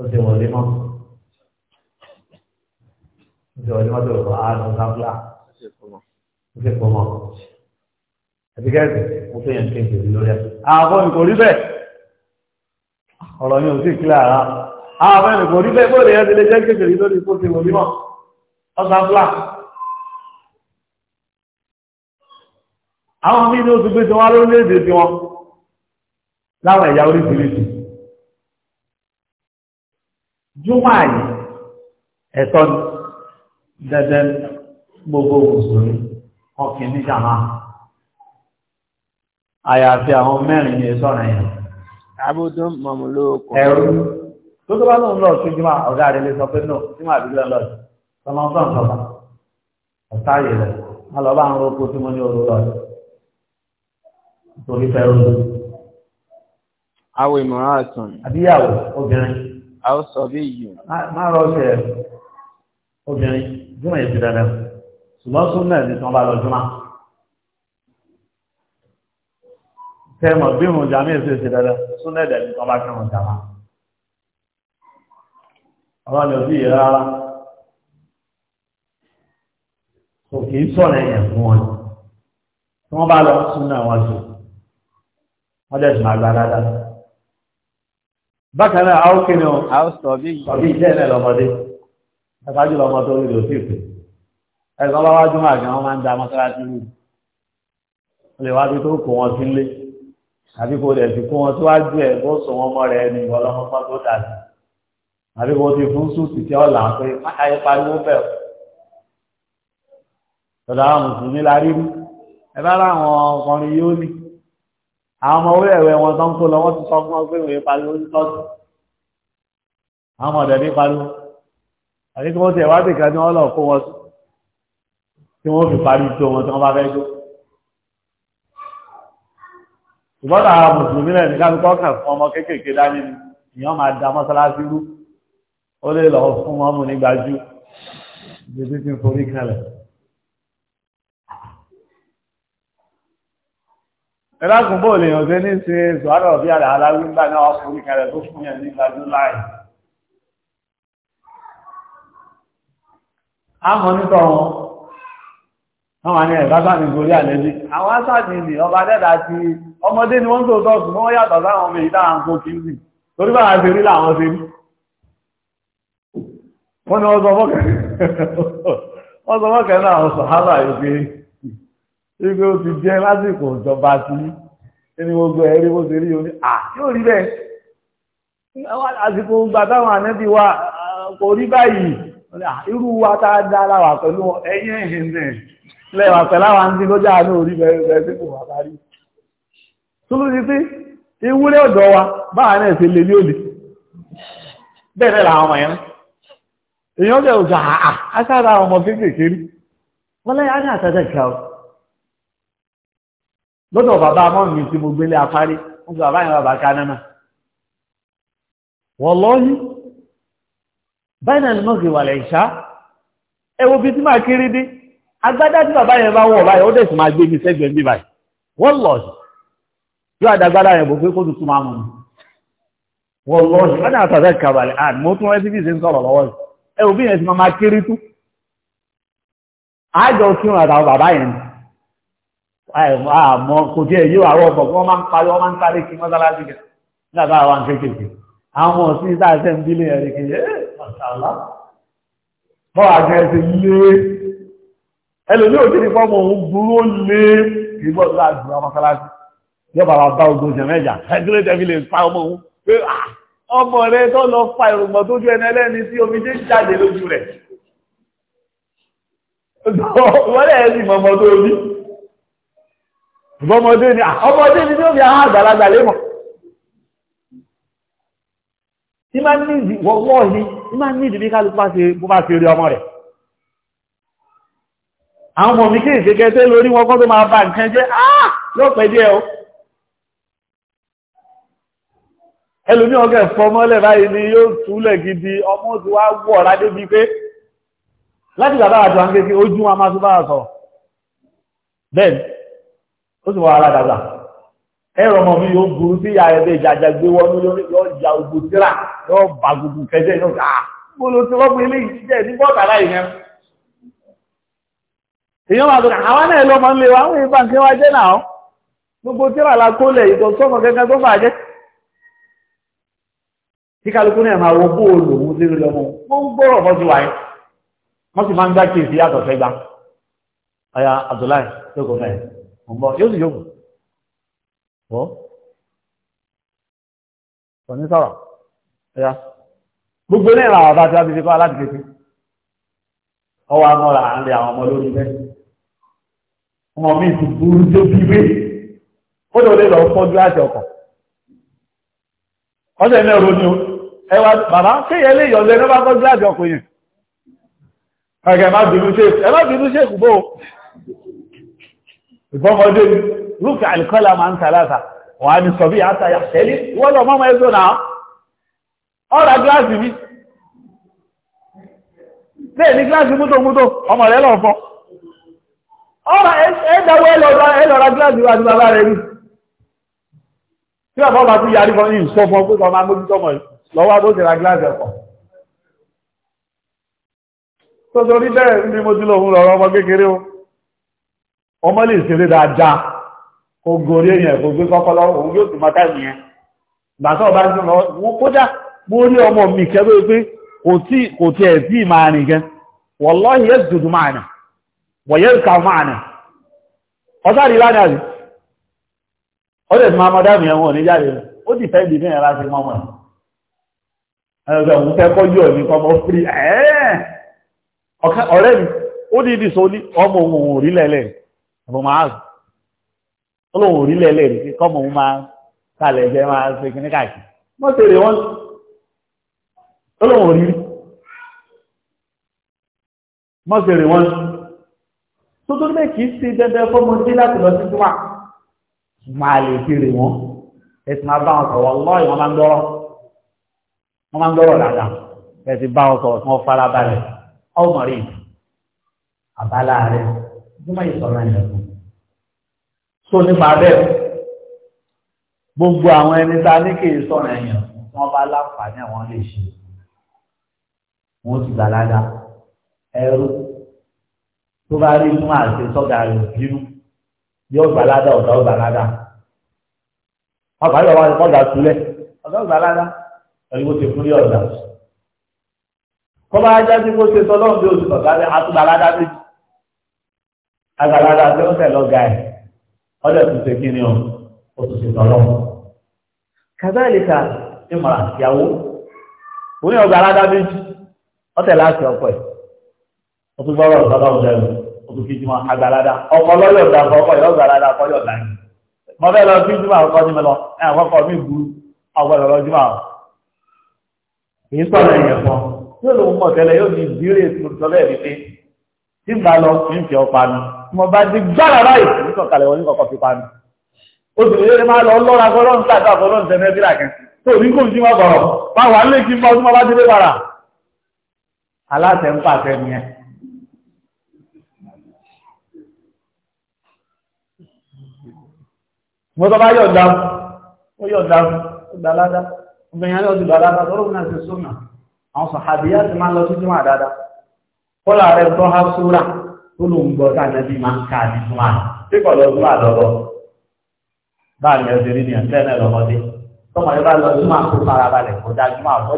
oṣù wọlé mọ́ oṣù wọlé mọ́ tó wà á lọ sáfúlà oṣù pọ̀ mọ́ àti kẹ́sì mo pè yàn kéèké lórí ẹ̀ àwọn ọmọ ìkòrí bẹ́ẹ̀ ọ̀rọ̀ yẹn ò sì kílẹ̀ ara àwọn ọmọ ìkòrí bẹ́ẹ̀ bóde yẹn ti lè jẹ́ kéèké lórí oṣù wọlé mọ́ ọ̀sáfúlà. àwọn míì ní oṣù gbé tí wọ́n lórílẹ̀-èdè tí wọ́n láwọn ẹ̀yà oríṣiríṣi júmọ̀ àyè ẹ̀tọ́ dẹ́dẹ́ gbogbo mùsùlùmí ọkìn ní jàmá àyàfi àwọn mẹ́rin ní ẹ̀sọ́ rẹ̀ yẹn. àbúdó mọ̀mọ́lò kọ̀. ẹ̀rú tó tó bá lóun lọ sí jùmọ̀ ọ̀gá rẹ̀ lè sọ pé náà tí màá dúró lọ sí ọmọ ọgbọ́n sọ̀tà ọ̀tá yìí rẹ̀ wọ́n lọ bá ń roko tí mo ní orú lọ sí torí fẹ́ràn ló. Àwọn ìmọ̀ràn àtàn. Àbíyàwó obìnrin. A ó sọ bí ìyù. Má rọ ṣe obìnrin Júmọ̀ yìí ti dandan. Ṣùgbọ́n súnmọ̀ ní tí wọ́n bá lọ Júmọ̀. Tẹ́mọ̀ bí mo jà mí èsì ti dandan, súnmọ̀ ẹ̀dẹ̀ ní tí wọ́n bá kẹ́wọ̀n jà máa. Ọlọ́run ni òbí yìí rárá. Kò kì í sọ̀rọ̀ ẹ̀yẹ̀ fún wọn. Tí wọ́n bá lọ súnmọ̀ wọn sùn wọ́n dẹ̀ sùn agbára dá. bákan náà àwọn kìnnì o àwọn sọ̀bí ìjẹ́ ẹ̀ lọ́mọdé ẹ̀fájú lọ́mọ tó rí lòsì ìpè ẹ̀sán bá wájú máa gan wọ́n máa ń da mọ́sálásí wù wọ́n lè wájú tó kó wọn sílé àbí kò dẹ̀ ti kó wọn síwájú ẹ̀ bó sọ wọn mọ́ rẹ̀ ní ọlọ́mọpá tó dà sí àbí kò ti fún sùn títí ọ̀là pé ayé pariwo bẹ́ẹ̀ tọ́lá àwọn mùsùlùmí la rí rí ẹ bá láwọn ọkùnrin yóò ní àwọn ọmọ orí ẹ̀wẹ̀ wọn tó ń kó lọ wọ́n ti sọ fún wọn pé wòye pariwo ní tọ́sí àwọn ọmọ ọ̀dẹ̀ ní pariwo àti kí wọ́n ti ẹ̀wá bìkan ní wọ́n lọ kó wọn sí tí wọ́n fi parí tó wọn tí wọ́n bá fẹ́ jó ìbọ́dọ̀ àwọn mùsùlùmí rẹ̀ ní káfíkọ́ kàn fún ọmọ kéékèèké dání ni ìyàn máa da mọ́sálásí rú ó lè lọ fún ọmọ nígbàjú ibi tí ti ń forí kalẹ̀. ẹlágùn bóò lè yàn tẹ́ ní ṣe ṣùgbọ́n ọ̀bí àrà aláwí ńgbà náà ọkùnrin kẹrẹ tó fún yẹn nígbà July àmọ́ nítọ̀ wọn wọ́n wà ní ẹ̀bá sáàmì gorí àlẹ́bí àwọn asáàmì ni ọba dẹ́dà ti ọmọdé ni wọ́n ibi ó ti jẹ́ lásìkò ìjọba sí ẹni gbogbo ẹ̀rí bó ṣe rí oní à yóò rí bẹ́ẹ̀ àsìkò ìgbà táwọn ànẹ́bí wa kò rí báyìí irú wa tá a dá láwà pẹ̀lú ẹ̀yìn ẹ̀hìn náà lẹ́wà pẹ̀lú àwọn àǹtí lọ́jà àánú orí bẹ̀rẹ̀ sí kò wà parí. Tólú ti pé ewúrẹ́ ọ̀dọ́ wa báwa náà ṣe lè ní òde. Bẹ́ẹ̀ làwọn ọmọ yẹn. Èèyàn jẹ́ òjò àà àṣàrà ọmọ kéékèèké rí. Wọ́n lẹ́yìn á ní àtàjà ìkà o lọ́dọ̀ bàbá mọ́ mi tí mo gbélé afárí wọ́n sọ àbáyìn bàbá kanáà wọ́n lọ́yí báyìí náà lọ́gbẹ̀ wà lẹ̀ ìṣá ẹwọ́ bí tí máa kiri dé agbádá tí bàbá yẹn bá wọ̀ báyìí ó dẹ̀ sì máa gbé mi sẹ́gbẹ̀ẹ́ mi báyìí wọ́n lọ́yí yóò àdágbádá yẹn bò pé kó tuntun máa mú wọ́n lọ́yí wọ́n náà tàbí kàbàlẹ̀ àn mo tún ẹbí ṣe ń sọ̀rọ̀ lọ́wọ́ ẹwọ́ bí yẹn sì máa kiri tú àjọ kírun àtàwọn bàbá yẹn ni àmọ́ kò tí ẹ̀ yíò àwọn ọ̀bọ̀ wọ́n máa ń parí wọ́n máa ń sáré kí mọ́sálásí gẹ̀ nígbàtà àwọn kéèkéèké àwọn ọ̀sí ìtàṣẹ́ ń bílé ẹ̀rí kìí ọ̀sàlá eh, bọ́wà gẹ̀ẹ́sì lé ẹlòmí ò kìí fọ́mọ̀ òun burú lé ìgbọ́gbà àdúrà mọ́sálásí yọba wa bá ogun jẹ mẹ́jà ẹgbẹ́ tẹ́fi lè pa ọmọ òun pé ah, ọmọ rẹ tó lọ fa ìrùngbọ̀n tó ju ẹni ẹlẹ́ni sí omi tó rí Ah, ọmọdé ni ọmọdé ni ní òbí àwọn àgbàlagbà lémọ̀ tí máa ní ìdí wọ́wọ́ ní tí máa ní ìdí bí kálù bó bá ṣe rí ọmọ rẹ̀ àwọn ọmọ mi kí ìṣẹ́kẹ́tẹ́ lórí wọn kọ́ tó máa bá nǹkan jẹ́ áà ah, yóò pẹ́ díẹ̀ o ẹlòmí ọgẹ́ fọmọ́lẹ̀ báyìí ni yóò túlẹ̀ gidi ọmọ tí wá wọ̀ ládé bíi pé láti bàbá àjọ àǹkẹ́kẹ́ ojú wa máa tún bá sọ̀rọ̀ ó sì wọ ara dàgbà ẹ̀rọ ọmọ mi yóò burú sí ìyá ẹgbẹ́ ìjàjà gbé wọnú yóò ya ogun síra yóò bá gbogbo kẹjẹ inú ká mo lo ti wọ́pọ̀ ilé yìí jẹ́ ní bọ́ọ̀tàlá ìyẹn èèyàn máa tọ̀nà àwọn náà lọ́mọ ń lè wá àwọn ìbá nǹkan wá jẹ́ náà gbogbo tíra la kó lẹ̀ ìtọ̀ sọ́mọ gẹ́gẹ́ tó bàjẹ́ tí kálukú náà máa wo bó olùwú sí lórí ọmọ mo ń gbọ́rọ̀ fọ́ sí wáyé wọ́n sì máa ń gbá kí yàtọ̀ fẹ́ gbá ọ̀yà Abdullahi tó kọ fẹ́ẹ́ ọmọ yóò sì yóò wọ ọ̀ní sọ̀rọ̀ ẹ̀yà gbogbo ní ìlànà ọ̀dá tí wọ́n ti fi kọ́ aláti kékeré ọwọ́ amọ́ra à ń lè àwọn ọmọ lórí bẹ́ẹ̀ ọmọ mi ti burú tó bí wé ó lè lè lọ fọ́jú láti ọkọ̀ ọ̀sẹ̀ náà ronú ẹ wá bàbá kéèyàn lè yọ̀ọ́ lẹ́nu bá fọ́jú láti ọkọ̀ yẹn kàkẹ́ má bínú ṣe ẹ má bínú ṣe kúbọ̀ ìfọ́mọdé rúfẹ́ àlìkọ́lá máa ń tàlátà wọ́n á ní sọ bí àtàyà ṣẹlẹ̀ wọ́n lọ mọ́mọ́ ẹzọ́ náà ọ̀rà gíláàsì mi lẹ́ẹ̀ ní gíláàsì mútòmútò ọmọ rẹ̀ lọ́fọ́ ọ̀rà ẹ̀dàwó ẹlọ́ra gíláàsì wà ní bàbá rẹ̀ rí tí bàbá ọba tún yarí fọ́ yìí sọ fún ọ pé ọmọ agbójútọ́mọ̀ lọ́wọ́ tó ti ra gíláàsì ẹ̀kọ́ tó torí bẹ́ẹ̀ ni mo ti lòun lọ́rọ̀ ọmọ kékeré o ọmọ lè ṣeré dáadáa kò gorí èèyàn kò gbé kọ́kọ́ òun yóò sì mọ táìmù yẹn ọba ń lọ mo rí ọmọ mi kẹ́lú pé kò tí ẹ̀ sí ìmá rìn gan wallahi yẹ́ dùdù máa nà wọ̀yẹ́ ìka máa nà ọ̀sáàrí lánàá rí ọdẹ̀ tí máa mọ́ dáàmì ẹ̀wọ̀n oníjáde ó ti fẹ́ mi ó ní ìdí ọmọ òun rí àbọ̀ máa ọlọ́run ò rí lẹ́lẹ́ rí kọ́mọ òun máa kalẹ̀ jẹ́ máa ṣe kíní káàkiri wọ́n ti rè wọ́n ọlọ́run ò rí rí wọ́n ti rè wọ́n tó tó bẹ́ẹ̀ kì í ṣe dandan fọ́mọdé láti lọ sí túmọ̀ máa lè fi rè wọ́n ẹ̀sìn máa bá wọn sọ̀rọ̀ lọ́ọ̀ ìwọ̀n máa ń gbọ́rọ̀ wọ́n máa ń gbọ́rọ̀ dáadáa ẹ̀sìn bá wọn sọ̀rọ̀ tí wọ́n fara balẹ̀ ọmọ jùmọ̀ ìsọ̀rọ̀ yẹn fún so nípa bẹ́ẹ̀ gbogbo àwọn ẹni tá a ní kì í sọ̀rọ̀ yẹn wọ́n bá láǹfààní àwọn lè ṣe wọ́n ti gbàlágà ẹrú tó bá rí inú àti sọ́gà rẹ̀ bínú yóò gbàlágà ọ̀dọ́ gbàlágà ọgbà yóò wá ọgbà túlẹ̀ ọ̀dọ́ gbàlágà ẹni bó ti fún yóò gbà kọ́ bá jáde bó ṣe sọ bí agbalaga tó ń tẹ̀lọ́ ga ẹ̀ ọdẹ tó ṣe kíni o ó tó ṣe tọ́lọ́ kàbẹ́ẹ̀lìkà ìmọ̀ràn ìyàwó òun yóò gbàlagbà méjì ọtẹ̀ láti ọkọ̀ ẹ̀ ó tún gbọ́rọ̀ ó tún ọkọ̀ lọ́yọ̀ ọkọ̀ yóò ọkọ̀ yóò bẹ́ẹ̀ lọ ọkọ̀ ní ẹ̀ àkọ́kọ́ mi ọ mo bá di gbára báyìí nítorí wọn ní kọ̀kọ́ fi panu obìnrin máa lọ lọ́ra fọlọ́n tàbí àfọlọ́n tẹ̀lé bí làkẹ́ tó ní kò sí wọn bọ̀rọ̀ bá wà lè kí n bá ọdún bá dé bára aláṣẹ ń pàṣẹ mo bá ó ó gbà ládá obìnrin yẹn ló ti gbà ládá náà ti súnà àwọn ti máa lọ sí ó ló ń gbọ́ ma máa ń ká ní súnmọ́ tí kò lọ súnmọ́ àlọ́bọ̀ báàmì ẹ̀sẹ̀ rí ni ẹ̀fẹ́ náà lọ́mọdé tọ́mọ yóò bá lọ súnmọ́ àkó farabalẹ̀ kó dájú máa tó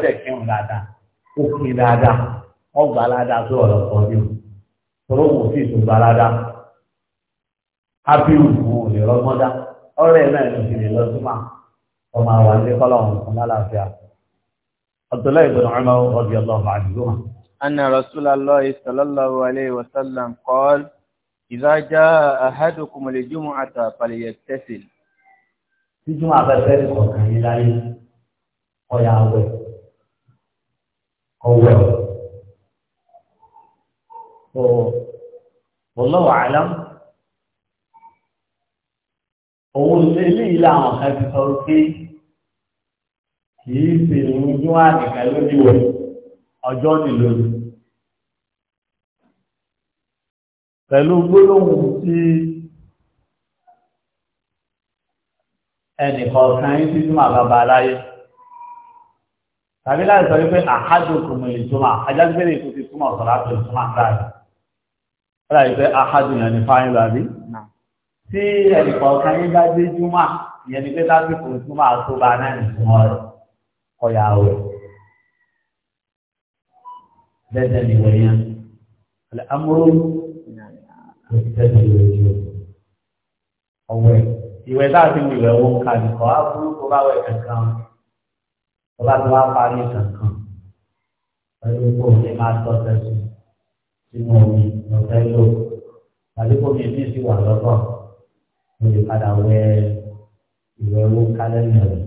lẹ̀ أن رسول الله صلى الله عليه وسلم قال إذا جاء أحدكم الجمعة فليتسل في جمعة بسرعة وكان يلاي ويعوي قوي والله أعلم òun eléyìí làwọn kan ti sọ pé kìí ṣe ìrújú àdìgbà lójú ọjọ́ nìlónìí pẹ̀lú gbólóhùn tí ẹnìkọ̀ọ̀kan yín ti túmọ̀ bàbá aláyé tàbí láti sọ wípé àhájò kò mọ̀ ìtumọ̀ ajágbélé tó ti túmọ̀ sọ̀rọ̀ àti ìtumọ̀ láàrin ọ̀rọ̀ ìfẹ́ àhájò yẹn ni fáyín lọ́bí tí ẹnìkọ̀ọ̀kan yín bá dé júmọ̀ ìyẹn ni pé lásìkò ìtumọ̀ àtúbà náà ìtumọ̀ rẹ̀ ọ̀yà bẹ́ẹ̀ tẹ̀lé ìwẹ̀ yẹn ló tá a ti wù ìwé ká nìkan á burú kó kankan kó tó wá parí kankan pẹ̀lú kó o máa tọ́ tẹ́sí sínú omi lọ́fẹ́ lò tàbí kó mi ní sí wà lọ́tọ̀ mo lè padà wẹ ìwé wo ká lẹ́yìn rẹ̀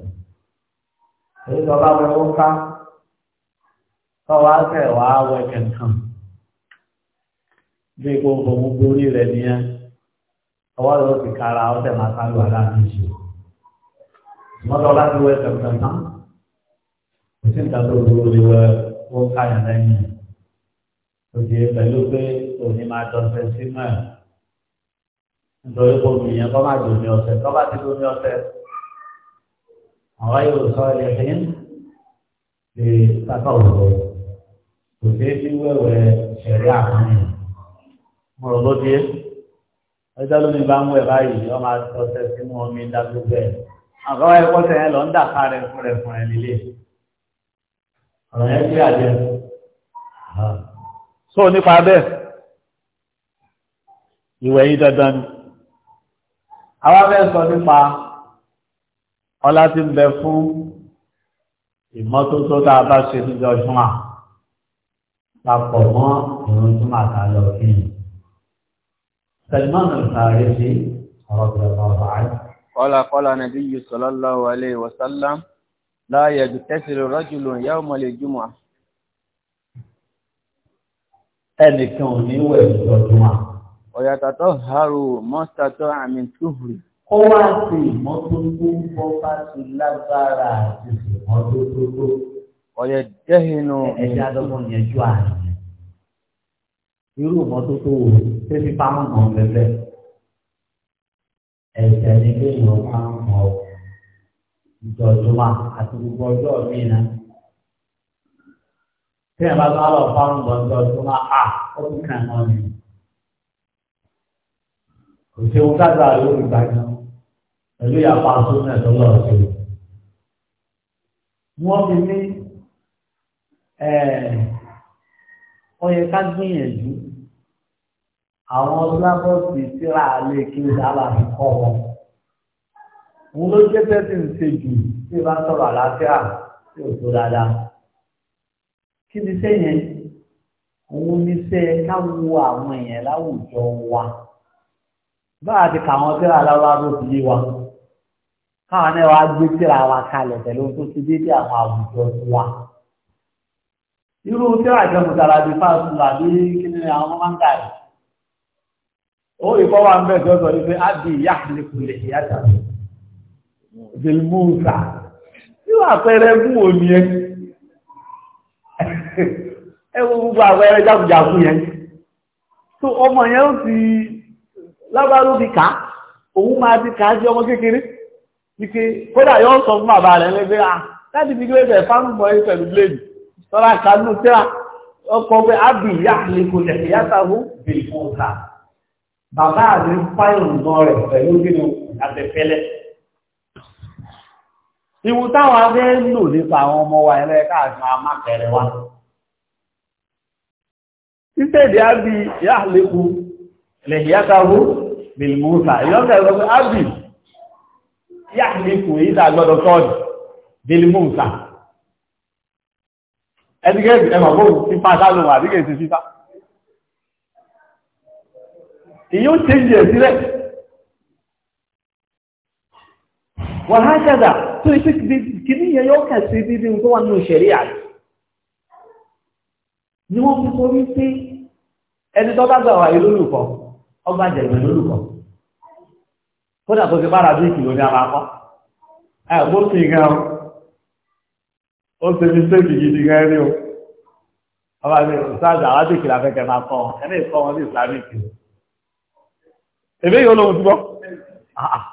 èyí tó bá wẹ wo ká tọ́ wá tẹ̀ wá wẹ kankan bí ipò ń fòun borí rẹ̀ nìyẹn ọwọ́ rẹ̀ ti kára ọ̀sẹ̀ máa ká lù aláàbí jù mọ́tò láti wẹ̀ tẹ̀mtẹ̀mtà kò sí nǹkan tó burú rí wẹ̀ ó káyà lẹ́yìn òjì pẹ̀lú pé òní máa dọ̀sẹ̀ sínú ẹ̀ nítorí kò gbìyànjú kọ́ máa dùn ní ọ̀sẹ̀ kọ́ bá ti dùn ní ọ̀sẹ̀ àwọn yóò sọ ẹ̀ lẹ́yìn lè sábà wọ̀ kò sí wíwẹ̀wẹ̀ ṣẹ̀rí àwọn mo rò lóde ọjọ́ lómi bá ń wẹ̀ báyìí wọ́n máa tọ́sẹ̀ sínú omi dágbógbó ẹ̀ àwọn ẹ̀kọ́ tẹ̀ ẹ́ lọ ń dàka rẹ̀ fún rẹ̀ fún ẹ̀ lílé ọ̀rọ̀ yẹn kí àjẹ́ so nípa bẹ́ẹ̀ ìwẹ̀ yìí dandan ni àwa fẹ́ sọ nípa ọlá tí ń bẹ fún ìmọ́tótó tá a bá ṣe níjọ ṣúnà papọ̀ mọ́ ìrun ṣúnà tá lọ kí ni. سلمان الفارسي رضي الله عنه قال قال النبي صلى الله عليه وسلم لا يغتسل رجل يوم الجمعة ẹnìkan ò ní wẹ̀ lọ́dún wa. ọ̀yàtàtọ̀ haru mọ́sítàtọ̀ àmì túhùrì. ó wá sí ìmọ́tótó bọ́ bá ti lágbára àti ìmọ́tótó. ọ̀yẹ̀ jẹ́hìnú. ẹ̀jẹ̀ adọ́gbọ̀n yẹn ju àná irú mọ́tótó wò tẹ́sí pamọ́ kan lẹ́lẹ́ ẹ̀sẹ̀ ni kéèyàn pamọ́ kan ìjọ̀jọ̀mọ́ àti gbogbo ọjọ́ mi náà tẹ́yìn bá tó lọ pamọ́ kan ìjọ̀jọ̀mọ́ à ó tún kàn án ni òṣèlú kájà lórí ìgbàgbọ́ pẹ̀lú ìyàpá sóńà tó lọ sí i wọ́n fi ní ẹ̀ẹ́ ó yẹ ká gbìyànjú àwọn sílábọ̀sì síra lè kí n sábà fi kọ́ wọn. òun ló jẹ́ tẹ́sí ń ṣe jù tí ìbá sọ̀rọ̀ àlàáfíà tí ò tó dáadáa. kí ni sẹ́yìn òun ní sẹ́ káwo àwọn èèyàn láwùjọ wa báà ti kà wọ́n síra lára tó fi yé wa káwọn náà wá gbé síra wa kalẹ̀ pẹ̀lú tó ti dédé àwọn àwùjọ wa irú síra ìjọba ìjọba fáwọn ìlú àbí kí ni àwọn máa ń kà yìí ó ìkọ́ wa ń bẹ̀ tó sọ wípé ábí ìyá àlékulè ìyá tàbí bilmusa yóò àpẹẹrẹ mú òní ẹ ẹ wo gbogbo àpẹẹrẹ jákujàku yẹn tó ọmọ yẹn ó ti lábárò ti kà òun máa ti kà á sí ọmọ kékeré wípé kódà yóò sọ fún bàbá rẹ lẹgbẹ à láti fi gbé bẹ fáwọn ọmọ yẹn pẹ̀lú bíléèdì tọ́lá kanú tíra ọkọ̀ pé ábí ìyá àlékulè ìyá tàbí bilmusa bàbá àti fáyọ̀ nǹkan rẹ̀ pẹ̀lú gínú àtẹ̀fẹ́lẹ́ ìwù táwọn abẹ́ lò nípa àwọn ọmọ wa ẹlẹ́ káàkiri amákẹrẹ wa títẹ̀dẹ̀ ábí yá lékú lẹ̀yàtàwó bìlmùsà ìyọ́kẹ̀ẹ́sọ pé ábí yá lékú èyí tàgbọ́dọ̀ tọ́ọ̀dì bìlmùsà ẹdígẹ́ ẹ̀mọ̀ bóòrùn sí pátálùmọ̀ àdígẹ́ sí síta èyí ó change ẹ̀ sílẹ̀ wà á kẹ́dà tó ìpé kìíní yẹn yóò kẹ̀ sí dídí tó wà nínú ìṣẹ̀rí àyè ni wọ́n fi torí sí ẹni tó bá gbà wà yìí lólùkọ́ ọba jẹ̀gbẹ̀ lólùkọ́ kódà tó ti bára bíi kìlò ní ara kọ́ ẹ̀ bó ti gan ó ṣe fi ṣéèkì gidi gan ni o ọba mi ò sáàjà wá bíi kìlà fẹ́kẹ̀ máa kọ́ ẹ̀ ní ìkọ́ wọn ní ìsìlámì kìlò Ebe yóò lóhun ah, túbọ́? Ah.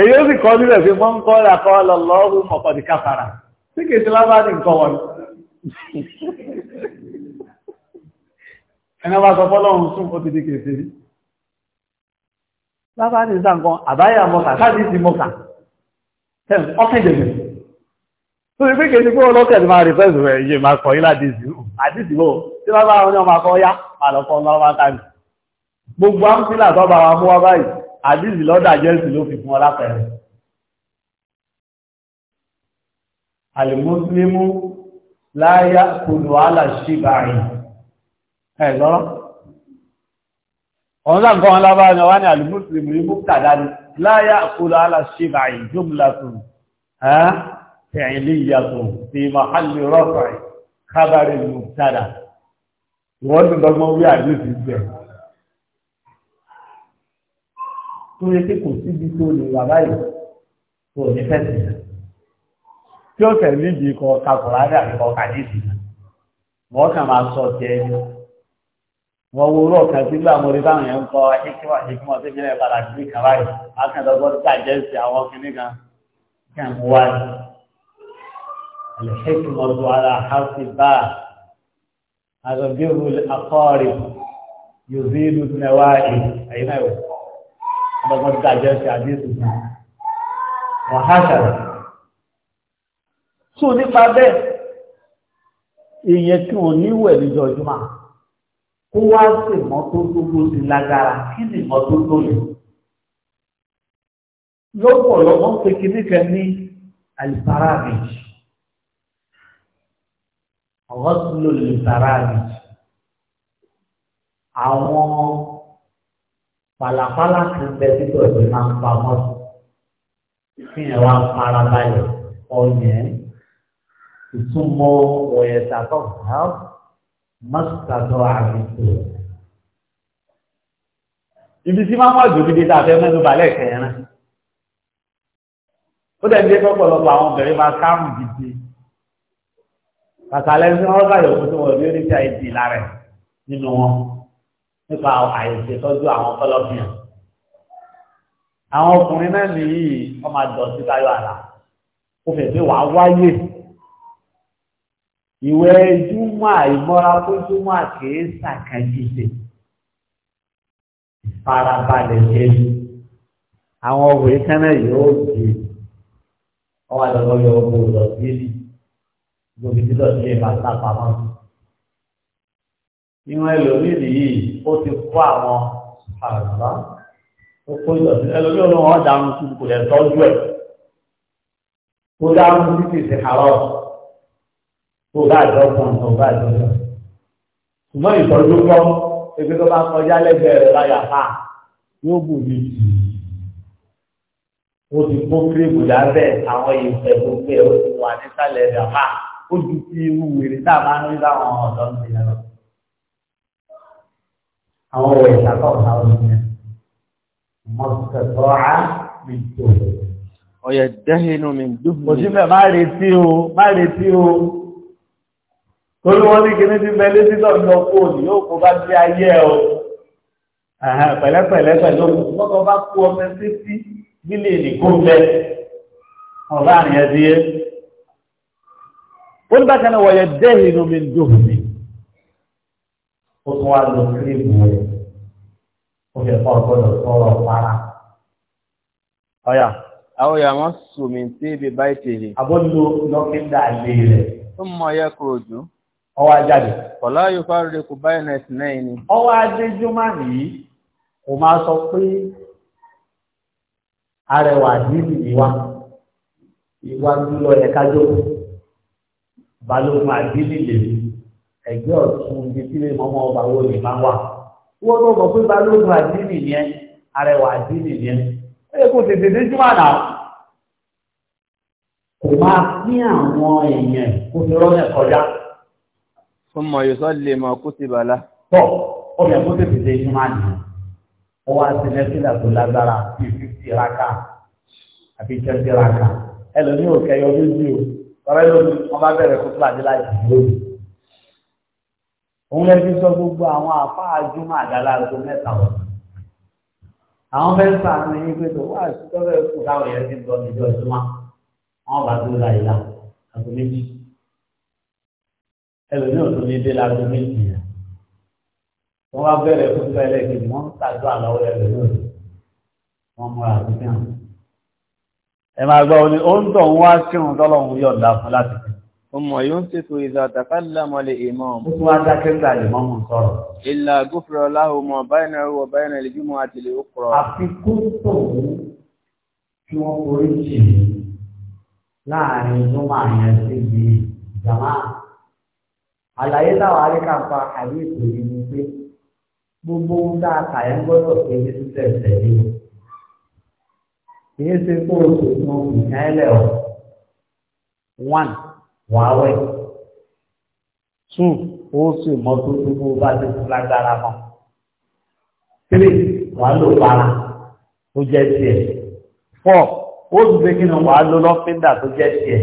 Èyí ó sì kọ́ nílẹ̀ fi mọ́ ń kọ́ ìràkọ́ lọ́lọ́rùn mọ̀kọ̀dì káfàrà. Tí kìí ti lábá ní nǹkan wọn. Ẹni bá sọ fọ́lọ́run sún ó ti di kìí sí rí. Lábá ní ìsànkan àbáyà mọ́kà, sáàdì ti mọ́kà. Ọkẹ́ jẹ̀jẹ̀ tó ti pé kèsì pé ọlọ́kẹ̀ ti máa rìfẹ́sì rẹ̀ yìí máa kọ̀ yí láti ìsìn àdìsí bò tí bá bá wọn ní ọmọ akọ yá máa lọ fọ́n lọ́wọ́ tàbí gbogbo ámfílà tó bá wa mú wá báyìí àdìsí lọ́dà jẹ́sì ló fi fún ọ lápẹẹrẹ àlùmọ́sílẹ́mù láyá kùnú aláṣíbàáyì ẹ̀ lọ́rọ́ ọ̀n sáà nǹkan alábá ni wá ní àlùmọ́sílẹ́mù ní mú kàdá ní láyá kùnú aláṣíbàáyì jùmùlá فعلية في محل رفع خبر المبتدا wọ́n ti dọ́gbọ́n wí àdéhùn bẹ̀. tó yẹ kí kò síbi tó lè wà báyìí tó ní fẹ́sì rẹ̀. tí ó tẹ̀lé ìdí kọ kakọ̀rọ̀ àdé àti kọ kàdéhùn wọ́n kàn máa sọ jẹ́ ẹni. wọ́n wo orú ọ̀kan sí gbà mọ́rí báwọn yẹn ń kọ́ ẹ̀kíwà ìgbìmọ̀ tó fi lẹ́ẹ̀ padà sí kàwáyé. akẹ́dọ̀gbọ́n tàjẹ́ sí àwọn kìnnìkan kẹ́ ń wáyé. الحكمة على حرف الباء هذا بر الأقارب يزيد النوائب أي نوع هذا مرجع جلسة حديثنا وهكذا سو nípa bẹ́ẹ̀ ìyẹn tí wọ́n níwẹ̀ níjọ ìjọba kó wá sí ìmọ́tótó tó lágbára kí ni ìmọ́tótó yìí lọ́pọ̀lọpọ̀ ń pe kíníkẹ́ ní alifarabi ọ̀họ́sùlò lè sàrà rè àwọn pàlàpàlà kan bẹ títọ̀ tí máa ń pa mọ́tò fi hàn wá farabalẹ̀ ọ̀yẹ́ ìtumọ̀ ọ̀yẹ̀sàtọ̀ mọ́tòtàtọ̀ àgbètò. ibi tí máa ń wá jòdìdí tá a fẹ́ mẹ́nu balẹ̀ kẹrin ó dẹ̀ ń dé pọ́pọ̀lọpọ̀ àwọn obìnrin máa kárùn-ún gidi kàkà lẹ́nu tí wọ́n báyọ̀ fún tí wọ́n bí oníṣẹ́ àìsí lára ẹ̀ nínú wọn nípa àìsí tọ́jú àwọn fọlọ́fìyàn. àwọn ọkùnrin náà nìyí wọ́n máa dọ̀ sí táyọ̀ àlà ó fẹ́ pé wàá wáyé ìwẹ̀ júmọ́ àìmọ́ra fún júmọ́ àkèé sàkàjìṣe farabalẹ̀ jẹ́lu àwọn ọkùnrin kan náà yóò gbé ọwọ́ àdọ́gbọ́yọ̀ ọgbọ̀n lọ sílẹ̀ gbòmí tí lọ́ọ̀tì lè máa sá pamọ́. Ìwọ̀n ẹlòmíì nìyí ó ti kó àwọn àgbà ó kó ìdọ̀tí ẹlòmíì olóhùn wọn dànù sí kò lè tọ́jú ẹ̀. Kó dànù sí ti ṣe àárọ̀ tó bá àjọ kan tó bá àjọ kan. Ṣùgbọ́n ìtọ́jú kọ́ ebi tó bá kọjá lẹ́gbẹ̀ẹ́ rẹ̀ láyà fà yóò bù mí Ó ti kó kírèbù lábẹ́ àwọn ìfẹ́ gbogbo ẹ̀ ó ti wà nísàlẹ̀ rẹ̀ fà ó ju ti irú wèrè tá a máa ń rí láwọn ọ̀dọ́ ń sìn lọ. Àwọn ọ̀rọ̀ ìṣàkọ́ àwọn ènìyàn. Mọ̀tẹ̀tọ̀ á mi tó. Ọ̀yẹ̀ dẹ́hìnú mi dùn. Kò síbẹ̀ má retí o, má retí o. Torí wọ́n ní kíní ti mẹ́lé sí lọ́dọ̀ fóònù yóò kó bá sí ayé ẹ o. Pẹ̀lẹ́pẹ̀lẹ́ pẹ̀lú ọkọ̀ bá kú ọmọ sí sí nílé ìdìgbò bẹ́ẹ̀. Ọ̀gá àníyàn ti yé ó ní bákan náà wọ̀yẹ̀ dẹ́hìnú mi dùn mí ó tún wá lọ kírèbù rẹ̀ ó fẹ́ fọ́ ọgbọ́dọ̀ sọ̀rọ̀ para. ọ̀yà àwọn ìyá wọn sùn mí sí ibi báyìí tèlé. àbọ̀lù lọ́kítà lè rẹ̀. ó mọ ọyẹ kúrò jù. ọwọ́ ajáde. ọ̀la yóò fà rẹ̀ kó báyìí náà sí náà ni. ọwọ́ adé jùmọ̀ nìyí kò máa sọ pé arẹwà nínú ìwà ìwà ń lọ jókòó balógun àdínìlè ẹgbẹ́ ọ̀tún ibi tí lè mọ́mọ́ ọba wo ni máa wà wọ́n tó mọ̀ pé balógun àdínìlè arẹwà àdínìlè ó yẹ kó tètè dé jùmọ̀ náà kò máa pín àwọn èèyàn kó fi rọ́lẹ̀ kọjá. fún mọ̀ yóò sọ lè mọ̀ kó ti bàlá. tọ́ ọmọ ẹ̀kọ́ tètè dé jùmọ̀ náà ó wá sí lẹ́sílẹ̀ tó lágbára bíi fífi raka àbí jẹ́jẹ́ raka ẹlòmíì ò kẹyọ lójú o ọ̀rẹ́ lómi wọn bá bẹ̀rẹ̀ kó fúlàdé láyé lómi. òun lẹ́ni sọ gbogbo àwọn àfáà júmọ̀ àdálá rẹ̀ tó mẹ́ta wọ̀. àwọn fẹ́ sàánú yín pé tó wá sí tọ́lẹ̀ kù táwọn èèyàn ti ń lọ níjọ́ ìjọmọ́ àwọn bá tó láyé lá àgbo méjì. ẹlòmíràn tó ní dé lágbo méjì yẹn. wọ́n bá bẹ̀rẹ̀ kó fúlàdé lẹ́kìn wọ́n ń tàdó àlọ́wọ́ ẹlòmíràn wọ́n múra àti fẹ́ràn ẹ máa gbọ́ ní ó ń tọ̀ ń wá kírun tọ́lọ́run yọ̀ dá fún láti kí. ọmọ yóò ń ṣètò ìzà àtàkálà mọ́lẹ̀ ìmọ̀. ó tún wá dákẹ́ ńlá lè mọ́mú sọ̀rọ̀. ìlà gófìrọ̀ láhùmọ̀ báyìí àríkò yìí pé gbogbo ohun tá a kà gbọ́dọ̀ pé ní sísẹ̀ tẹ̀lé kìí ṣe kó o tó tó ìyá ẹlẹ o one wàá two ó sì mọ tó tó kó o bá ti fún lágbára mọ three wàá lò para ó jẹ tiẹ̀ four ó sì gbé kí wàá lò lọ́fíńdà tó jẹ tiẹ̀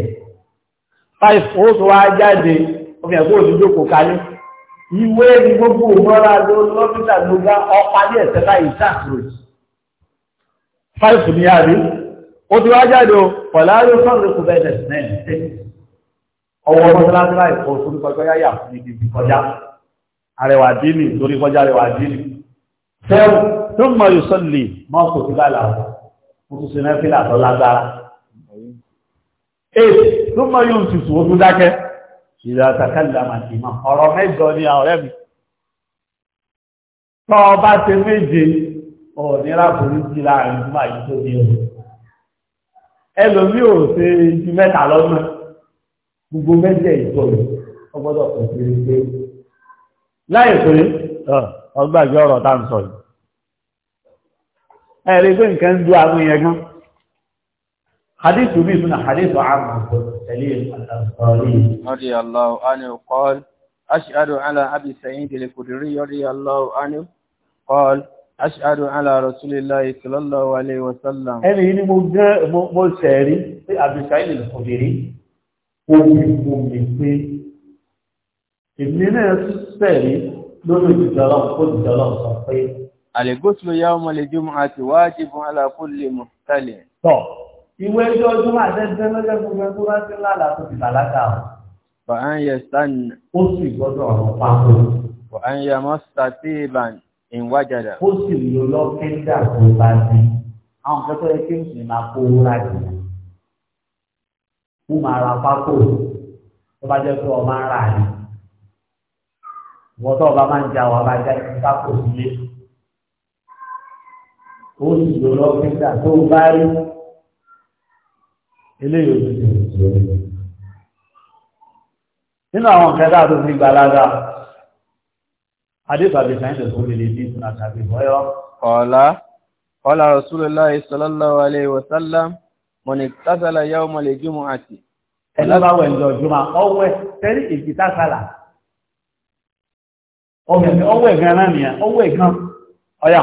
five ó sì wá jáde ọmọ ẹ̀kọ́ òní jókòó kalẹ̀ ìwé ni gbogbo òmùrọ̀lá lọ́fíńdà ló bá ọ̀pá ní ẹ̀sẹ̀ láì ṣàkóso fáìfù ní àrí ó ti wá jáde o pọ̀láàrí sọ́rọ̀ kò bẹ́ẹ̀ dẹ̀sí náà ní ọwọ́ mọ́sálásí láì kọ́ sórí kọjá yáyà fún ibi ibi kọjá arẹwà dínì sórí kọjá arẹwà dínì fẹ́rù tó mọ̀ yóò sọ́lì mọ́ kò sí báyìí làwọn mo tún ṣe náà fílà tó lágbára eight tó mọ̀ yóò tutù ó tún dákẹ́ ìlú àtàkàlà máa ti mọ̀ ọ̀rọ̀ mẹ́jọ ni àwọn ọ̀rẹ́ mi tọ́ ọ ọ̀nira kòrí sí láàrin fún àyí tó bí ọ̀rọ̀. ẹlòmí ò ṣe ju mẹ́ta lọ́nà gbogbo mẹ́jẹ̀ ìtọ́ rẹ̀ ọgbọ́dọ̀ kò sí rí pé láì pé ọgbàgbé ọ̀rọ̀ tá ń sọ yìí. ẹ pé nǹkan ń du àwọn yẹn gan. حديث بي من حديث عمرو بن سليم الأنصاري رضي الله عنه قال أشهد على أبي سعيد الخدري رضي الله عنه قال aṣáàdù aláàrọ̀túlélá ìtìlọ́lọ́ wàlé wọ́sọ́lá. ẹni yìí ni mo gẹ́ mo sẹ̀rí pé àbísáìlì lọ́kọ̀dẹ̀rí omi omi pé èmi náà sẹ̀rí lórí ìdìdọ́lọ́ kó ìdìdọ́lọ́ sọ pé. àlègóṣùlù yá ọmọ lè jùmọ̀ àti wájú fún alákòólè mọ̀ tálẹ̀. tọ ìwé ẹjọ́ ọdún máa dẹ́gbẹ́ lọ́jọ́ gbogbo ẹgbẹ́ wá sí lálàá ìwájàdà. ó sì lo lọ́kẹ́ńdà tó bá ní àwọn kẹ́kọ̀ọ́ yẹn kí n sì máa kó rà jù kó máa ra pákó tó bá jẹ́ pé ọba ń rà ní. wọ́n tó ọba máa ń ja wà bá já sí pákó sílé. ó sì lo lọ́kẹ́ńdà tó bá rí eléyìí ò sì lè nínú àwọn kẹ́kọ̀ọ́ tó fi gbalaga. حديث أبي سعيد الخدري في سنة أبي هريرة قال قال رسول الله صلى الله عليه وسلم من اغتسل يوم الجمعة ẹ̀lá bá wẹ̀ lọ jùmọ̀ ọwọ́ tẹ́lí ìgbìtásálà ọwọ́ ẹ̀gán náà nìyà ọwọ́ ẹ̀gán ọ̀yà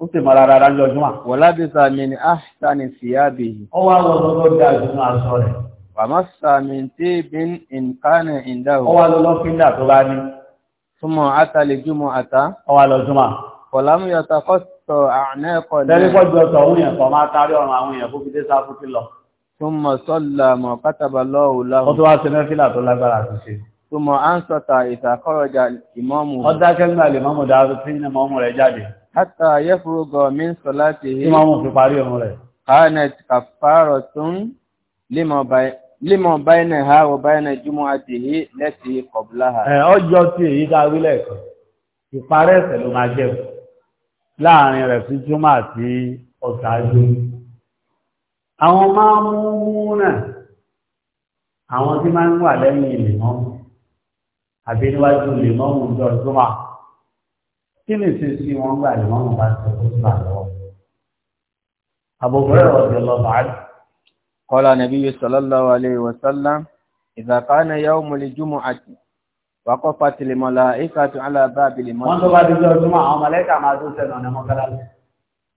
ó sì mọ̀ rárá lọ jùmọ̀ wọ́n lábí sàmì ní àṣìṣàní sí àbì yìí ọwọ́ alọ́lọ́lọ́ dá jùmọ̀ aṣọ rẹ̀ wàmọ́ sàmì tí bí nǹkan ìdáwó ọwọ́ túmọ̀ ata lè júmọ̀ ata. ọwà lọ júmọ̀. kọ̀lámù yàtọ̀ kọ́tọ̀ àná ẹ̀kọ́ ní. tẹ́lẹ̀ pọ́jú ọ̀tọ̀ òun yẹn kọ́ máa tarí ọ̀run àwọn èèyàn fún fìdí sáfù ti lọ. túmọ̀ sọ́là mọ̀ kátàbà lọ́wọ́ láwù. ó tún wá sí mẹ́fìlà tó lágbára àti ṣe. túmọ̀ ánsọ̀tà fi parí ọ̀run rẹ̀. kánẹ̀t kàfàrọ̀ tún límọ̀ límọ̀ báyìí náà ha wọ báyìí náà jùmọ̀ àtìhí lẹ́sì kọ̀bùlá ha. ẹ ọjọ́ tí èyí ká wí lẹ́ẹ̀kan ìparẹ́ ẹ̀sẹ̀ ló máa jẹ́ láàrin rẹ̀ sí jùmọ̀ àti ọ̀sáájú. àwọn máa ń mú náà àwọn tí máa ń wà lẹ́yìn ìlèmọ́mù àbí níwájú ìlèmọ́mù ọjọ́ jùmọ̀ kí ni ṣe sí wọn gbà ìlèmọ́mù bá ṣe kó قال النبي صلى الله عليه وسلم إذا كان يوم الجمعة وقفت الملائكة على باب المسجد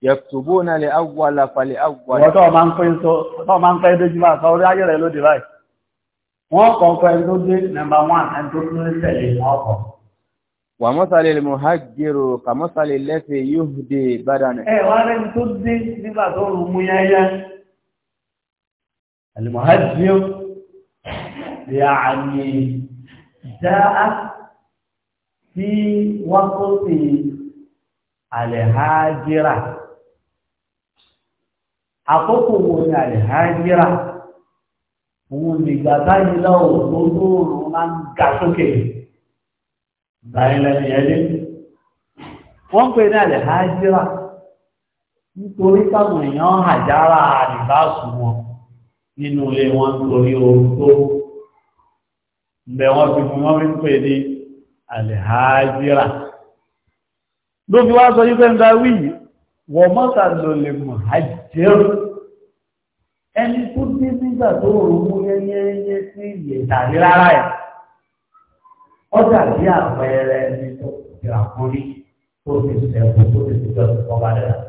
يكتبون لأول فلأول وطو ما نقين سو طو ما نقين دجما سوري أجل إلو ديباي wọ́n kọ̀ọ̀kọ̀ ẹni tó dé nọmba wán ẹni tó tún tẹ̀lé ọkọ̀. wà mọ́sálẹ̀ lè mọ̀ ha gèrò kà mọ́sálẹ̀ lẹ́sẹ̀ yóò dé bàdàn. ẹ المهجر يعني جاء في وقت الهاجرة àkókò wo ni àlèhájírà òun nìgbà báyìí lọ́wọ́ tó lóòrùn máa ń ga sókè báyìí lẹ́nu ẹ̀dẹ́ wọ́n pè ní àlèhájírà nítorí káwọn èèyàn hàjárà àdìbá sùn wọn nínú ilé wọn torí oòrùn tó bẹ̀ wọ́n fi fún wọ́n fi ń pè ní alìhájírà ló fi wá sọ yípe ń darí yìí wọ́n mọ́ta lọ lè mọ̀ hajjẹ́rù ẹni tó dé nígbà tó rò mú yẹ́yẹ́yẹ́ sí ìyẹ̀dàrí rárá ẹ̀ ọjà bí àpẹẹrẹ ẹni tó kìrà kan rí tó fi sẹ́kù tó fi sẹ́kù ọba dẹ́rẹ́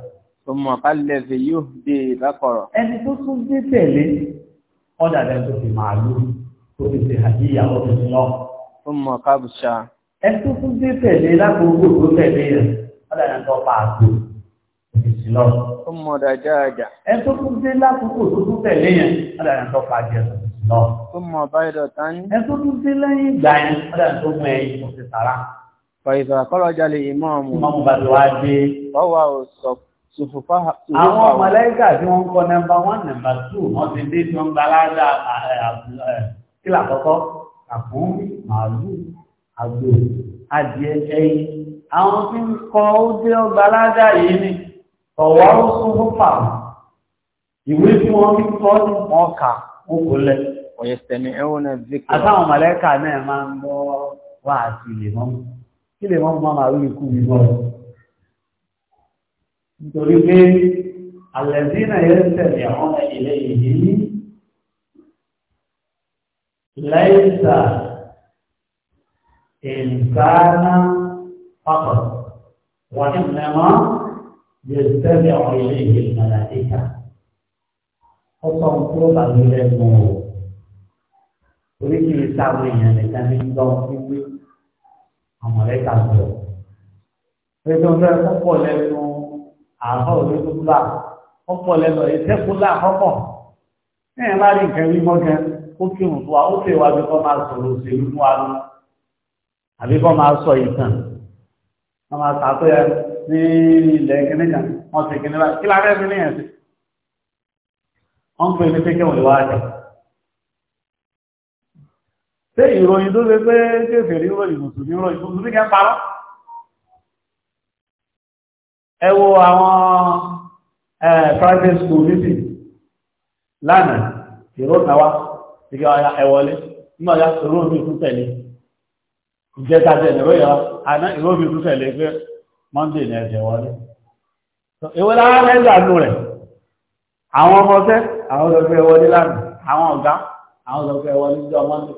Ọmọ kálẹ̀ fi yóò dé ìbákọ̀rọ̀. Ẹni tó tún dé tẹ̀lé, ọ̀dà rẹ̀ tó fi màálù, tó fi ṣe àdíyà ọdún lọ. Ọmọ kábùṣà. Ẹni tó tún dé tẹ̀lé lágbègbè tó tẹ̀lé rẹ̀, ọ̀dà rẹ̀ tó pa àgbò, tó fi sí lọ. Ọmọ dàjà àjà. Ẹni tó tún dé lákòókò tó tún tẹ̀lé yẹn, ọ̀dà rẹ̀ tó pa àjẹ, tó fi sí lọ. Ọmọ báyìí dọ̀tá ní. Ẹni tó tún dé lẹ́yìn ìgbà Àwọn mọ̀lẹ́kà tí wọ́n ń kọ nọmbà 1 nọmbà 2 wọ́n ti dé tí wọ́n gba aláàdá kílà àkọ́kọ́, àkún, màálù, àgbò, adìẹ, ẹyin. Àwọn tí ń kọ ó dé ọgbà aláàdá yìí ni ọ̀wọ́ ó sún fún pàmò. Ìwé tí wọ́n ń kọ́ ní wọ́n kà ó kò lẹ̀. Ọ̀yẹ̀sẹ̀mí ẹ̀wọ̀n náà fi kí. Àtàwọn mọ̀lẹ́kà náà máa ń gbọ́ wá àti ìlè mọ́mú. Kí lè mọ́mú máa máa rí ikú mi bọ́ọ̀ nítorí pé àlẹ́dínà yẹn tẹ̀lé àwọn ilé yìí lẹ́yìnsà ìǹkánná pàpọ̀ wọ́n ní mẹ́mọ́ yẹn tẹ̀lé àwọn ilé yìí màláíkà ó sọ ń kúrò pàlú lẹ́nu o torí kí n sáwọn èèyàn nìkan ní gbọ́ wípé àwọn ọ̀rẹ́ kà ń lẹ́nu àbá onídùúlà ọ̀pọ̀ lẹ́nu ìtẹ́kùlà ọ̀pọ̀ ẹ̀ bá rí nǹkan wí mọ́gẹ́ ó kírun fún wa ó fẹ́ wá bí kọ́ máa sọ̀rọ̀ òṣèlú fún wa lọ àbí kọ́ máa sọ ìtàn wọ́n máa sàtọ́yà ní ilẹ̀ kìnnìkan wọ́n ti kìnnì bá kí lára ẹ̀mí nìyẹn sí wọ́n pè ní pé kẹ́wọ̀n lè wá jẹ. ṣé ìròyìn tó ṣe pé kéfèé rí ròyìn mùsùlùmí ròyìn mùsùlùmí kẹ́ ń parọ́ ẹ wo àwọn private school níbi lánàá ìró náwá ìgbà ọ̀yà ẹ̀wọ̀lé nígbà ọ̀yà ìró mi tún tẹ̀lé ìjẹta tẹ̀lé yọ àná ìró mi tún tẹ̀lé pé monday ní ẹ̀jẹ̀ wọlé ìwé lára mẹ́jọ rẹ̀ àwọn ọmọọṣẹ́ monday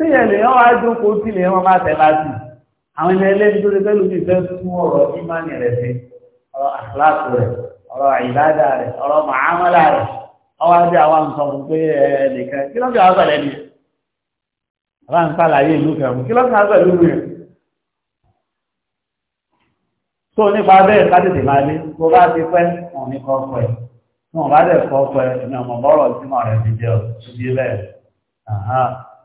tíyẹ̀ lè yọ́ wá jókòó tí lè wọ́n bá tẹ̀ láti àwọn ilẹ̀ ẹlẹ́ni tó lè fẹ́lú fífẹ́ fún ọ̀rọ̀ ìmánì rẹ̀ sí ọ̀rọ̀ àkíláàsì rẹ̀ ọ̀rọ̀ ìbádà rẹ̀ ọ̀rọ̀ màámọ́lá rẹ̀ ọwọ́ bí àwọn nǹkan fún pé ẹ nìkan kí ló ń fi àwọn pẹ̀lẹ́ ni àwọn nǹkan àlàyé ìlú kan kí ló ń fi àwọn pẹ̀lú mi tó nípa bẹ́ẹ̀ ká tètè máa lé kó bá ti pẹ́ wọn ní kọ́ pẹ́ wọn bá dẹ̀ kọ́ pẹ́ ní ọmọ bọ́rọ̀ tí mo rẹ̀ ti jẹ́ ọ̀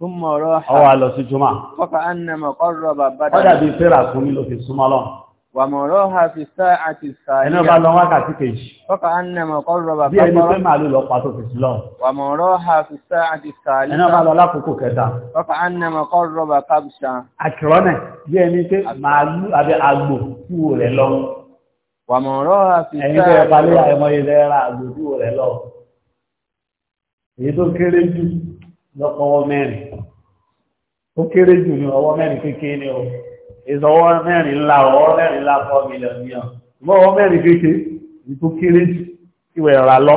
Súnmọ̀ ọ̀rọ̀ ha. Ọwà lọ sí Júmà. Kọ́kà á nà mọ̀ kọ́rọ̀ bàbá dáadáa. Ọjà bíi fẹ́rà fún mi ló fi súnmọ́ lọ. Wà mọ̀ ọ̀rọ̀ ha fi sá àti sàárì. Ẹni ọba lọ wákàtí kejì. Kọ́kà á nà mọ̀ kọ́rọ̀ bàbá. Bí ẹni pé màálù lọ pa tó fi sí lọ. Wà mọ̀ ọ̀rọ̀ ha fi sá rẹ̀ lọ. Èyí tó kéré jù lọ́pọ̀wọ́ mẹ́rin ó kéré jù ní ọwọ́ mẹ́rin kékeré ni ó ìsọwọ́ mẹ́rin ńlá ọwọ́ mẹ́rin ńlá fọ́ mílíọ̀nù ọwọ́ mẹ́rin kékeré ní tó kéré jù ìwẹ̀ ìrà lọ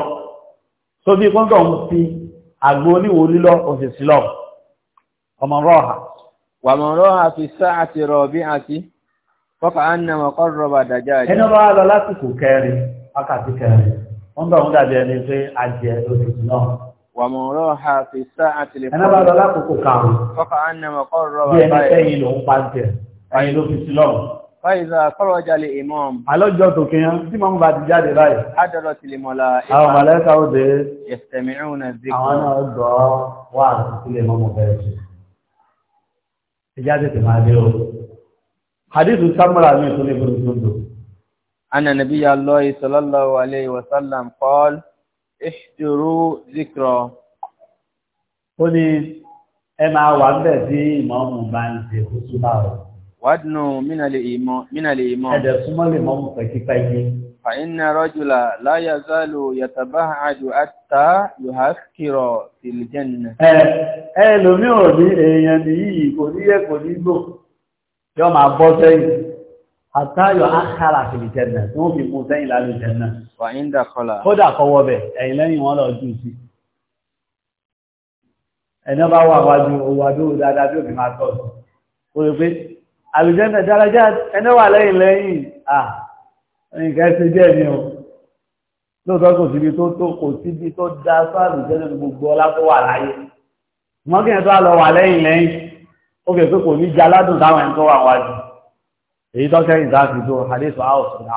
tó bí kọ́ńtọ̀ ń fi àgbo oníwo lílọ òṣèṣì lọ ọmọ rọ́ọ̀hà wàmọ̀ rọ́ọ̀hà fi sáà ti rọ̀ bí àti fọ́fà á nà wọ́n kọ́ rọ̀bà dàjà àjẹ́ ẹni bá lọ lásìkò kẹrin wákàtí kẹrin wọ́n bá wọn dàbí ẹni pé àjẹ́ òṣèṣì náà wàmọ̀rọ̀ha fi sáà ti lè fún ẹ̀nà bá lọ lákòókò kàrùn fọ́kà ánàmà kọ́ rọ́bà báyìí bí ẹni tẹ́yìn lòun pa ń tẹ̀ ẹ̀yìn ló fi sí lọ́wọ́ fáìzà kọ́rọ̀jà lè imam alọ́jọ́ tó kíyàn tí mọ́ bá ti jáde báyìí adọ́rọ̀ ti samura mi tó lè burú tó dò anna nabiyya allah sallallahu ìṣòro zikro ó ní ẹ máa wà níbẹ̀ tí ìmọ̀ọ́mù bá ń ṣe kótó bá rọ̀. wádùnú mínàlè ìmọ̀ mínàlè ìmọ̀. ẹ̀dẹ̀ súnmọ́ lè mọ́mù pẹ́kípẹ́kí. فإن رجل لا يزال يتبعد حتى يحكر في الجنة ẹ lómi ò kódà kọwọ́ bẹ̀ ẹ̀yìn lẹ́yìn wọn lọ jù sí ẹ̀nà bá wà wájú owó adúrú dáadáa tí òfin máa tọ́jú ó rí pé àlùjẹ́nà dáradá ẹ̀nà wà lẹ́yìn lẹ́yìn à nǹkan ṣe díẹ̀ ni o lóòótọ́ kò síbi tó tó kò síbi tó dá tó àlùjẹ́nà gbogbo ọlá tó wà láyé mọ́kìnrin tó lọ wà lẹ́yìn lẹ́yìn ó fẹ́ pé kò ní jaládùn táwọn ẹni tó wà wájú èyí tó kẹ́yìn sáà fi tó hadith house and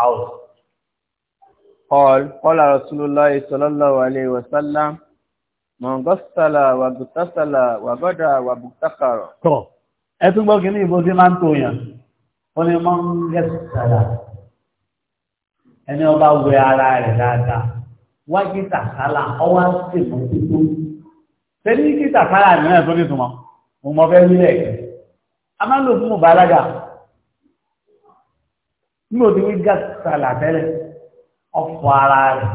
قال قال رسول الله صلى الله عليه وسلم من غسل واغتسل وغدا وابتكر tó ẹ tún gbọ́ kíní ìbò tí máa ń tó yàn ó ní mọ́ ń gẹ́sàlá ẹni ọba wẹ ara rẹ̀ dáadáa wájú tàkàlà ọwá sì mọ́ títú tẹ́lí kí tàkàlà nìyẹn tó ní túmọ̀ mo mọ fẹ́ wílẹ̀ a máa ń lò fún mo bàlágà nígbà tí wí gẹ́sàlá tẹ́lẹ̀ ọ̀fọ̀ ara rẹ̀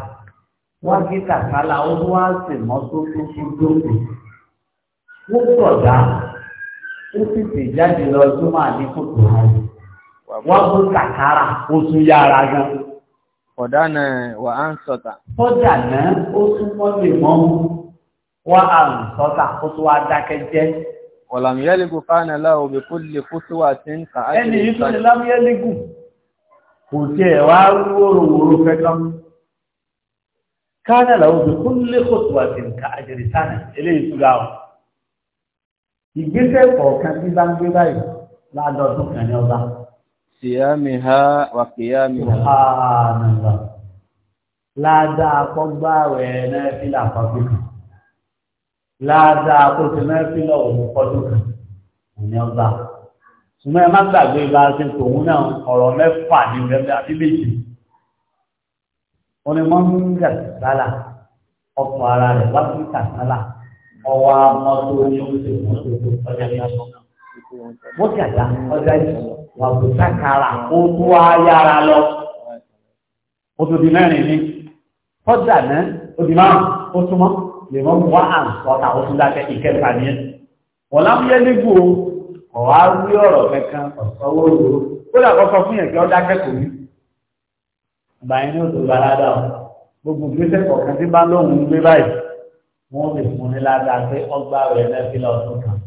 wọ́n gé kàkálà ó wá sì mọ́tótó sí gbòòrò wọ́n sọ̀dá ó sì sì jáde lọ súnmọ́ àdínkù tó hàn wọ́n bó kàkárà ó tún yára gan. ọ̀dà náà wà á ń sọ̀tà. sọ́jà náà ó tún mọ́ lè wọ́n á ń sọ̀tà ó tún wá dákẹ́ jẹ́. ọ̀làmúyẹ́lẹ́gùn fáánà láwọ̀ òbí kó lè kó síwá sí ń kà á. ẹni yìí tún ni lámúyẹ́lẹ́gùn kò tí ẹ̀ wá wórówóró kankan káàdà làwọn òbí kún lé kòtò àti nǹkan àjèrè sáà eléyìí tó ga ọ ìgbésẹ̀ kọ̀ọ̀kan tí bá ń gbé báyìí ládọọdún kan ní ọba. Sìyámi ha wà kìyámi ha. Ààrùnlọ. Ládàá kọ́ gbáwẹ̀ náà fi làkọ́dún kan. Ládàá kó náà fi lọ́wọ́ mú kọ́dún kan ní ọba ṣùgbọ́n ẹ má gbàgbé bá a ṣe tòun náà ọ̀rọ̀ mẹ́fà ní rẹ́bẹ́ àti méjì oní mọ́múngà sálà ọkọ̀ ara rẹ̀ wákìtà sálà ọwọ́ amọ́tò ní oṣù mọ́tò tó ọjà ní aṣọ mọ́tàdá ọjà ìṣòro wà kó sákàrà ó tó ayára lọ ó tó di mẹ́rin ní tọ́jà náà ó di lè mọ́ wá àǹsọ́ta ó dákẹ́ ìkẹta ní ẹ̀ wọ́n nígbò ọ̀wá wí ọ̀rọ̀ kankan ọ̀sọ́wọ́ òru ó dàgbọ́ sọ fún yẹn kí wọ́n dákẹ́ kò ní. ìgbà yẹn ní oṣù balada o gbogbo gbèsè kọ̀ọ̀kan tí bá lóun ń gbé báyìí wọ́n lè fún ní ládàá pé ọgbà rẹ̀ nẹ́fílà ọdún kan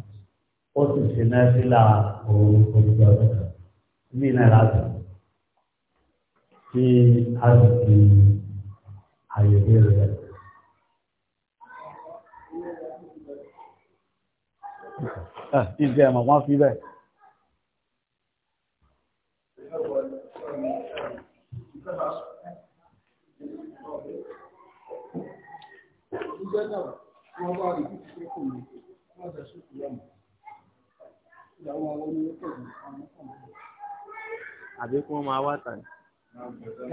ó sì ṣe nẹ́fílà òru olùgbé ọdún kan bí iná láti tí a sì àyè bí rẹ̀. ìjẹ ah, ẹ̀mọ̀ wọ́n fi bẹ́ẹ̀. Àbí kí wọ́n máa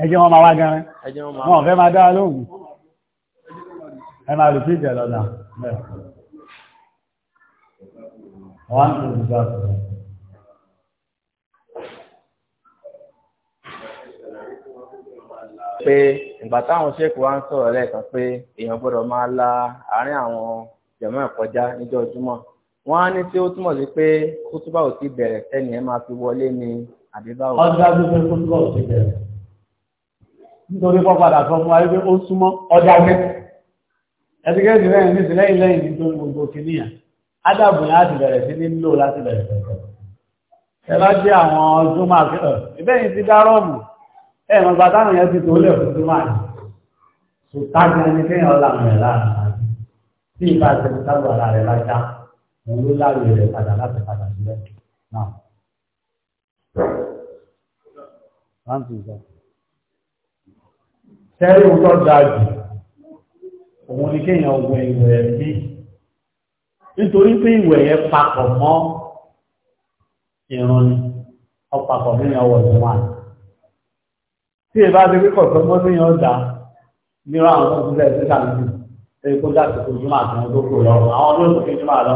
Ẹjẹ́ wọn máa wá gan-an. Ẹjẹ́ wọn máa wá. Wọ́n fẹ́ máa dá lóògùn. Ẹ máa lù sí ìjẹ̀ Bẹ́ẹ̀ wọ́n á ń tẹ̀lé gbà fún wọn. pé ìgbà táwọn ṣèkù wa ń sọ̀rọ̀ lẹ́ẹ̀kan pé èèyàn gbọ́dọ̀ máa la àárín àwọn jẹ̀mọ́ ìkọjá níjọ́ ojúmọ́ wọ́n á ní tí ó túmọ̀ sí pé kútúbà ò ti bẹ̀rẹ̀ sẹ́ni ẹ̀ máa fi wọlé ni àbí báwo. ọjà ló fẹ́ kútúbà ò ti bẹ̀rẹ̀ nítorí pọ́ padà sọ fún wa wípé ó súnmọ́ ọjà mẹ́ta ẹ̀sìnkẹ́sì lẹ́yìn nítorí gbogbo kìnìyàn ádàbù yẹn láti bẹ̀rẹ̀ sí nílò láti bẹ̀rẹ̀ pẹ̀lú ẹ bá jẹ́ àwọn ọdún máa fi hàn ìbẹ́yìn ti dárọ́ọ̀mù ẹ̀ mọ̀ gbàdánù yẹn ti tó lẹ̀ fún ọdún máa tó tágbà ní kéèyàn làwọn ẹ̀ láàrin tí ìbá ti ń sábà ara rẹ̀ lájá òun ló láàrin rẹ̀ padà láti padà sílẹ̀ náà. sẹ́yìn tó dáa jù òun ni kéèyàn wọ ìwẹ̀ nítorí pé ìwẹ̀ yẹn papọ̀ mọ́ ìrun ni ọpapọ̀ ní ọwọ́ ìwọ̀n tí ìbá ti rí kọ̀ọ̀kan mọ́ ní ọjà nírọ̀ àwọn tó ń bẹ̀rẹ̀ sí sàmìlì kó dáàtì kó jùmọ̀ àti ọdún kò lọ àwọn ọdún tó fi jùmọ̀ lọ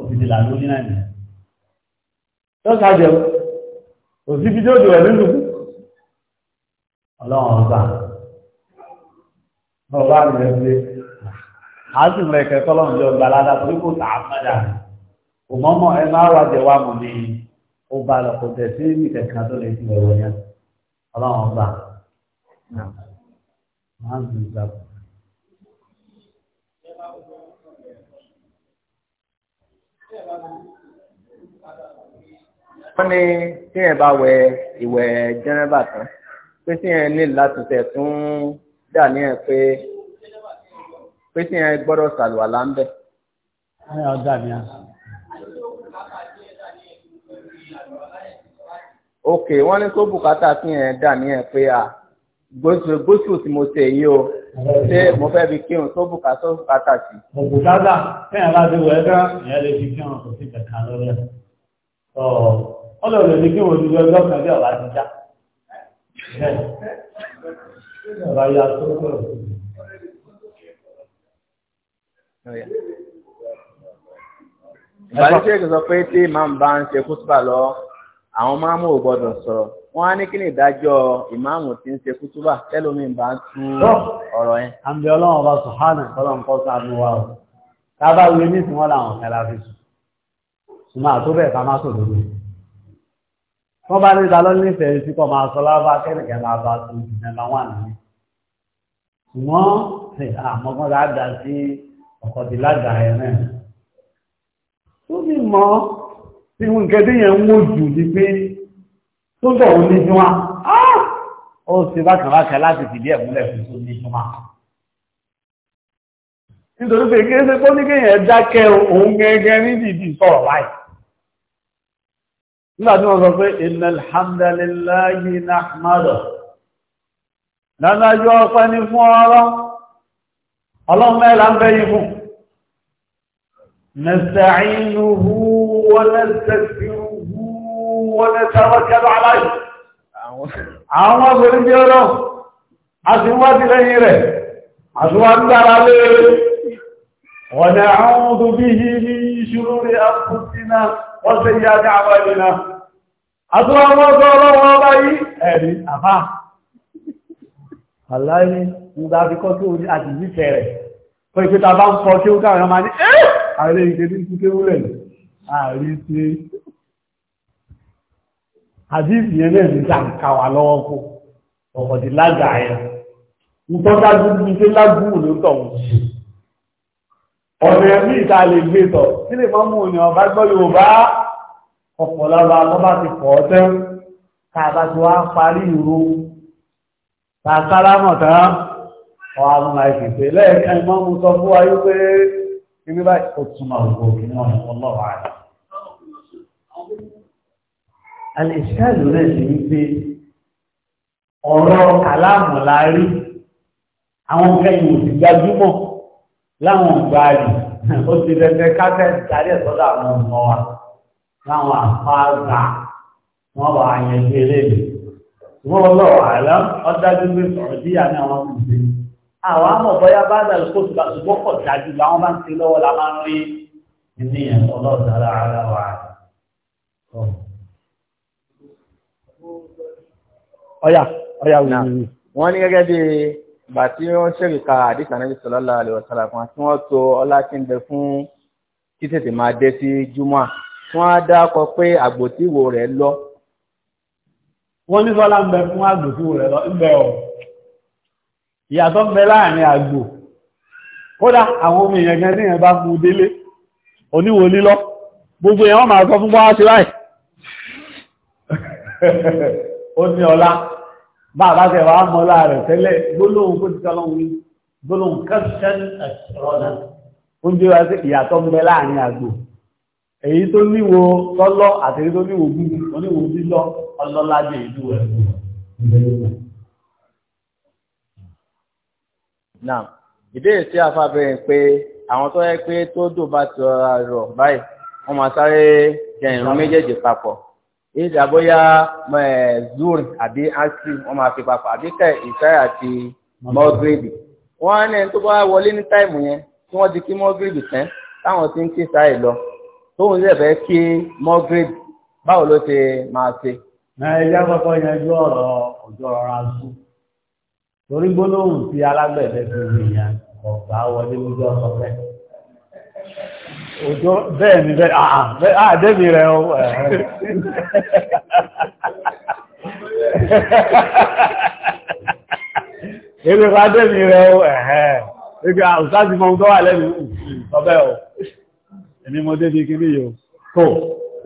òbíjì là lórí náà nìyẹn tó ṣàjẹ́ òsì fi jóòdù rẹ̀ nínú ọlọ́run ọba ọba rẹ̀ ń àásì mọ ẹ̀kẹ́ kọ́lọ́run yọ gbàládà torí kò tà á padà kò mọ́mọ́ ẹ máa wà jẹ wà mọ̀ ní ó bá lọ kò tẹ̀ sí ní kẹ̀kẹ́ tó lè fi ẹ̀wọ̀ yẹn ọlọ́run gbà máa ń gbìyànjú wọ́n ní tí yẹn bá wẹ ìwẹ̀ jẹ́nẹ́bà tán pé tí yẹn ní láti tẹ̀ tún dà ní ẹ̀ pé pé tí yẹn gbọ́dọ̀ sàlùwàlá ń bẹ̀. ok wọ́n ní kó bùkátà kí yẹn dà ní ẹ̀ pé à gbóṣù tí mo ṣe yìí o ṣé mo fẹ́ fi kírun tó bùkátà bùkátà sí. bùkátà kẹ́yìn láti wẹ̀ ẹ́ tán ìyẹn lè fi kírun kò sí kankan lórí ẹ̀ ọlọ́ọ̀lọ́ ní kí wọ́n ti lọ́jọ́ kan bí ọ̀la ti já. ọ̀la ya tó kọ̀ ìbánisẹ́ kò sọ pé tí imam bá ń ṣe kútùbà lọ àwọn máàmù ò gbọdọ̀ sọ̀rọ̀ wọ́n á ní kí ni ìdájọ́ ìmáàmù tí ń ṣe kútùbà tẹ́lómi bá ń tún ọ̀rọ̀ yẹn. àmì ọlọ́run ọba sùhánà kọ́lọ́n kọ́ sáànù wa o tábà wí ní ìsìn wọn làwọn kẹlá fi sùn ṣùgbọ́n àtúbẹ̀ ká má sòdò lórí. wọ́n bá ní ìdálọ́ nífẹ̀ẹ́ sí kọ́ máa sọ lábá kẹ́nìkẹ́ máa bá tún ìdílé ọkọ̀ ti lága ẹ̀ náà tó bí mọ́ tí wọ́n kẹ́ díyẹn ń wò jù ní pé tó bọ̀ ò ní jùmọ̀ ah! ó ṣe bákàbákà láti fìdí ẹ̀ múlẹ̀ fún tó ní jùmọ̀ nítorí pé kí ṣe tó ní kéèyàn dákẹ́ òun gẹ́gẹ́ ní dìdì sọ̀rọ̀ báyìí nígbà tí wọ́n sọ pé innal hamdalillahi nahmadu dáadáa ju ọpẹ́ ní fún ọlọ́ ọlọ́run mẹ́la ń bẹ́ yìí fún نستعينه ونستغفره ونتوكل عليه àwọn obìnrin bí ọ̀rọ̀ aṣíwájú lẹ́yìn rẹ̀ aṣíwájú dára lẹ́rẹ̀ wa na'udhu bihi min shururi anfusina wa sayyiati a'malina aṣíwájú ọlọ́wọ́ ọba yìí ẹ̀rí àbá aláyé ń gbá fi kọ́ kí o ní àdìsífẹ́ rẹ̀ pẹ̀lú pé ta bá ń kọ́ kí ó káàrán máa ní ẹ́ ààrẹ ìgbèdí kúké wúlẹ̀ ààrẹ tí àdíìsì yẹn náà ní sàǹkà wà lọ́wọ́ kó ọ̀kọ̀dì lága yẹn ntọ́jájú ní ṣe lágbúrò ló tọ̀ wọ́n sí ọ̀nà ẹ̀mí ìta lè gbé tọ̀ kí lè máa mú òyìn ọ̀bá gbọ́ Yorùbá ọ̀pọ̀ lára lọ́bá ti pọ̀ ọ́ tẹ́ ká bá ti wá parí ìró ta sálámọ̀ tán ọ̀hún àìsèpè lẹ́ẹ̀kan ìmọ̀ mú sọ fún wa yí pé ibi báyìí ó túmọ̀ ògbó òkè náà ní ọlọ́wà rẹ̀. àlèṣáàlù rẹ̀ sì ń gbé ọ̀rọ̀ kàláàmù láàrí àwọn kẹyìn òsì gbajúmọ̀ láwọn ọgbà rẹ̀ ó ti rẹ̀fẹ̀ káfẹ́ darí ẹ̀sọ́dọ̀ àwọn ọmọ wa láwọn àfáàgbà wọn wà á yẹn gbé lélẹ̀. ìwọ́n lọ́wọ́ àlọ́ ọ́ pé sọ̀rọ̀ díyà ní àwọn kùsì àwọn àmọ̀ bọ́yá bá dà lóko tó bá ṣùgbọ́n pọ̀ dájú làwọn bá ń ti lọ́wọ́ la máa ń rí ní ọlọ́ọ̀dára ara wa. ọ̀yà ọ̀yà wù mí. wọ́n ní gẹ́gẹ́ bí ìgbà tí wọ́n ṣèlú ka àdìsá náà sallallahu alaihi wasallam kan tí wọ́n to ọlá tí ń bẹ fún títètè máa dé sí júmọ́ tí wọ́n á dákọ pé àgbòtíwò rẹ̀ lọ. wọ́n ní sọ́lá ń bẹ fún àgbòtíwò rẹ̀ lọ ìyàtọ̀ ń bẹ láàrin àgbò kódà àwọn omi èèyàn gan níyàn bá mú délé oníwo lílọ gbogbo èèyàn máa sọ fún bọ́ ṣe láì ó ní ọlá bá bá tẹ̀ wá mọ́lá rẹ̀ tẹ́lẹ̀ gbólóhùn kó ti tọ́lọ́hun gbólóhùn kẹ́sàn ẹ̀ṣọ́nà oúnjẹ wa sí ìyàtọ̀ ń bẹ láàrin àgbò èyí tó níwo tọ́lọ́ àtèyí tó níwo gúgú oníwo lílọ ọlọ́lá jẹ́ ìlú ẹ̀ náà ìbéèrè tí a fà bẹ̀rẹ̀ pé àwọn tó yẹ pé tó dùn bá ti rọra rọ̀ báyìí wọ́n máa sáré jẹ ìrun méjèèjì papọ̀ ìjà bóyá eh, zuri àbí asi wọ́n máa fi papọ̀ àbí kẹ́ ìsáyà àti mọ́gírìbì wọ́n á ní ẹni tó bá wọlé ní táìmù yẹn tí wọ́n ti kí mọ́gírìbì tán táwọn ti ń kí sáyè lọ tóun sì fẹ́ kí mọ́gírìbì báwo ló ṣe máa ṣe. ẹ yá kọ́kọ́ yanjú ọ̀rọ̀ ọjọ́ ọ̀rọ̀ azú torí gbólóhùn tí alágbẹ̀dẹ fi wù yẹn ọ̀gá wọlé lójú ọ̀sọ̀ bẹ́ẹ̀. Òjò bẹ́ẹ̀ ni bẹ́ẹ̀ àà bẹ́ẹ̀ àà débi rẹ̀ o. Èrè wa débi rẹ̀ o. Ebi àwùsá ti mọ ohun tó wà lẹ́nu sọ bẹ́ẹ̀ o. Èmi mo débi kiri yìí o. Tó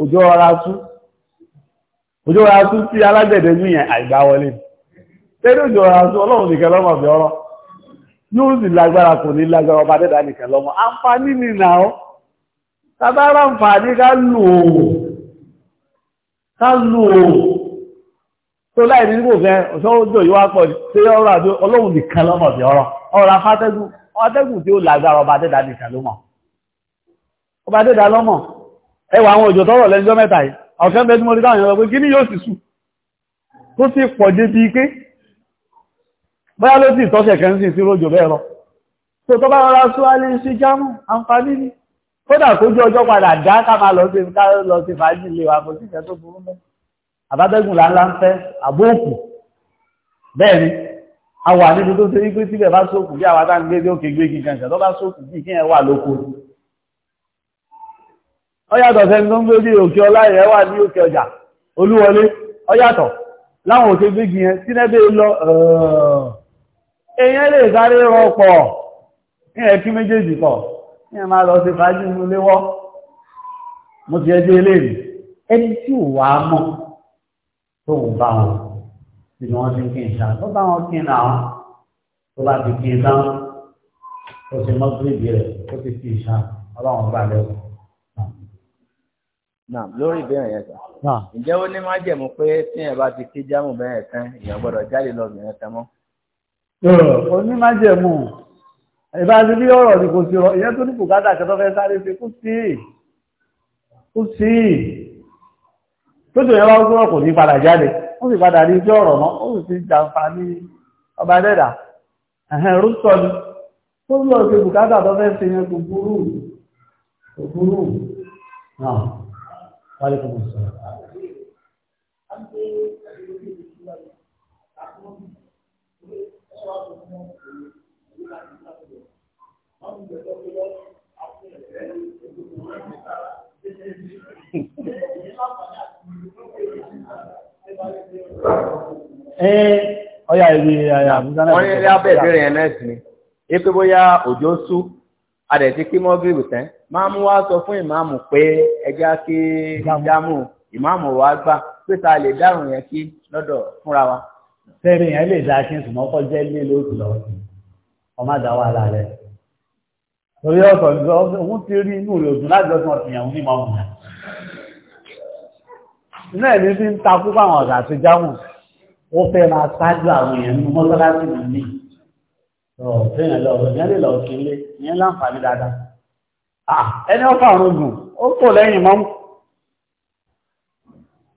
òjò ọ̀rá tú. Òjò ọ̀rá tú tí alágbẹ̀dẹ ní yẹn tẹ́lẹ̀ òjò ọ̀rọ̀ ọlọ́run nìkan lọ́mọ bí ọ̀rọ̀ yóò sì lágbára kò ní lágbára ọba dẹ́dà nìkan lọ́mọ àǹfààní ni nà ó tábára àǹfààní ká lò ó ká lò ó tó láì ní kò fẹ́ ọ̀ṣọ́ òjò yóò wá pọ̀ sí ọ̀rọ̀ àti ọlọ́run nìkan lọ́mọ bí ọ̀rọ̀ ọ̀rọ̀ afátẹ́gùn ọ̀tẹ́gùn tí ó lágbára ọba dẹ́dà nìkan lọ́mọ ọba dẹ́dà lọ́mọ ẹwà àwọn òjò tọ́rọ̀ lẹ́jọ́ mẹ́ta yìí ọ̀kẹ́ mẹ́tí mo rí táwọn èèyàn lọ pé kí ni yóò sì sùn tó sì pọ̀ débi ike bóyá ló sì tọ́ṣẹ̀ kẹ́ ń sì sí rójò bẹ́ẹ̀ lọ tó tọ́ bá rọra sọ alẹ́ sí jámù àǹfààní ni kódà kójú ọjọ́ padà dá ká máa lọ sí ká lọ sí fàájì lè wà kò sí ìfẹ́ tó burú mẹ́ àbábẹ́gùn láńlá ń fẹ́ àbóòkù bẹ́ẹ̀ ni a wà níbi tó ṣe wípé síbẹ̀ bá sókù bí àwọn adáǹgbé bí òkè gbégi gangan tó bá sókù bí kí ẹ wà lóko ó yàtọ̀ sẹ́ni tó ń gbé bí òkè ọlá ẹ̀ wà ní òkè ọjà olúwọlé ó yàtọ̀ láwọn òkè gbégi yẹn sínẹ́bẹ̀ lọ ẹ̀ẹ́ èèyàn lè sáré rọpọ̀ ní ẹ̀kí méjèèjì pọ̀ ní ẹ̀ máa lọ sí fàájì inú léwọ́ mo ti ẹjọ́ eléèrè ẹni tí ò wá mọ̀ tó ń bá wọn tí wọ́n ti kí n ṣá tó bá wọn kí n àwọn tó bá ti kí n dáhùn ó ti mọ́ gírígì rẹ̀ ó ti kí n ṣá ọlọ́run bá lẹ́wọ̀n. Naam lórí ìbéèrè yẹn sà. Ǹjẹ́ ó ní májẹ̀mú pé tí ẹ̀ bá ti kí jámù bẹ́ẹ̀ tán, èèyàn jáde lọ bẹ̀rẹ̀ tán mọ́. onímájẹ̀mú ìbáṣe bí ọrọ ni kò sí ọ ìyẹn tó ní bùkátà kẹtọ́ fẹ́ sáré sí kú sí kú sí tó yẹn wá gbọ́rọ̀ kò ní padà jáde ó sì padà ní sí ọ̀rọ̀ mọ́ ó sì ti jàǹfààní ọba ọ̀yà ìwé àyà àbúgbánà wọ́n ní ilé abẹ́ẹ̀bẹ̀rẹ̀ yẹn náà sí ni ipé bóyá òjò sú adẹ̀tí kí mọ́gìrì tán máa mú wá sọ fún ìmáàmù pé ẹjá kí jámù ìmáàmù wa gbà pé ta lè dárùn yẹn kí lọ́dọ̀ fúnra wa sẹ́rin yẹn lè dáa kí n sùnmọ́ kọ́ jẹ́ lé lóòtù lọ ọmọ àdá wà lálẹ́ torí ọ̀sọ̀ ìgbà òun ti rí inú rẹ̀ òdùn láti ọ̀sán ọ̀sìn ẹ̀hún ní mọ́mù rẹ̀ náà ní sí ń takú fáwọn ọ̀dà àti jámù ó fẹ́ máa ṣáájú àwọn èèyàn nínú mọ́sálásì nù mí ọ̀fẹ́yàn lọ ọ̀rọ̀ yẹn lè lọ sí ilé yẹn láǹfààní dáadáa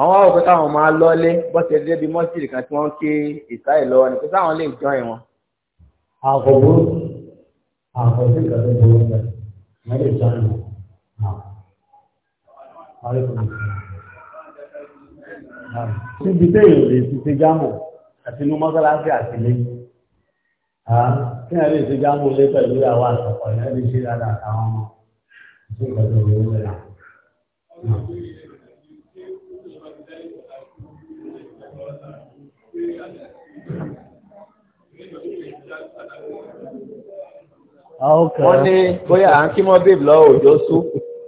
àwọn àwọn òpin táwọn máa lọ́lé bọ́sẹ̀ dídé bíi mọ́sídìrì kan tí wọ́n ń ké ìsáyè lọ́wọ́ ni pé táwọn lè jọ ìwọ̀n. àkọ́bù àkọ́bù ìkàtà ìbọn ọ̀gá ìyá lè jọ ìwọ̀n. níbi téèyàn lè ti ṣe jámù àti inú mọ́sálásí àti ilé ah. kí ẹ lè ṣe jámù lé pẹ̀lú àwọn àtọ̀kọ̀ ìyá lè ṣe dáadáa àtàwọn ọmọ ìṣèkọ̀tò ìwé wẹ̀rẹ̀. Ah. Ah, wọ́n ní bóyá à ń kí mọ́bìb lọ òjò sú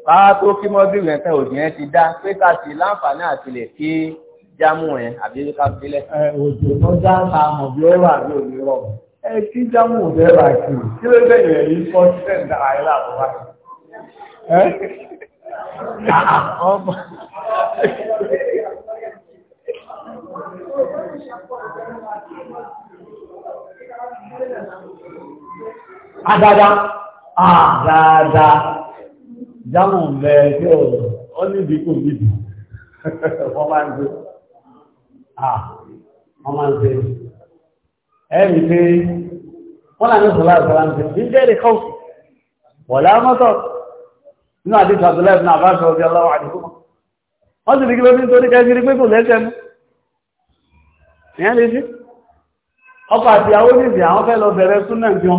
bá tó kí mọ́bìb yẹn tán òjò yẹn ti dá pé ká sì láǹfààní àti lè kí jámù yẹn àbí ká filẹ̀. òjò tó dá máa mọ̀ bí ó wà ní òní rọ̀ ẹ kí jámù bẹ́ẹ̀ bá kì í kí ló dé ìrẹ̀ yìí fọ́ sílẹ̀ ní àyè làbúrà. Thank you àdàdà àdàdà jámù mẹ́ẹ̀kẹ́ ọ̀rọ̀ ó níbi kò níbi wọ́n máa ń gbé wọ́n máa ń gbé ẹ̀rì pé wọ́n là ní sọ́lá ìsọ́lá ń gbé ní jẹ́rì kọ́ wọ̀lá mọ́tọ̀ nínú àdìsọ́ àdúlẹ̀ ìbùnà àbáṣọ ọ̀bí ọlọ́wọ́ àdìsọ́ wọ́n sì ní kí ló ní torí kẹ́sìrì pé kò lẹ́sẹ̀ mú ìyẹn lè ṣe ọkọ̀ àti àwọn oníṣẹ́ àwọn fẹ́ lọ bẹ̀rẹ̀ súnà jọ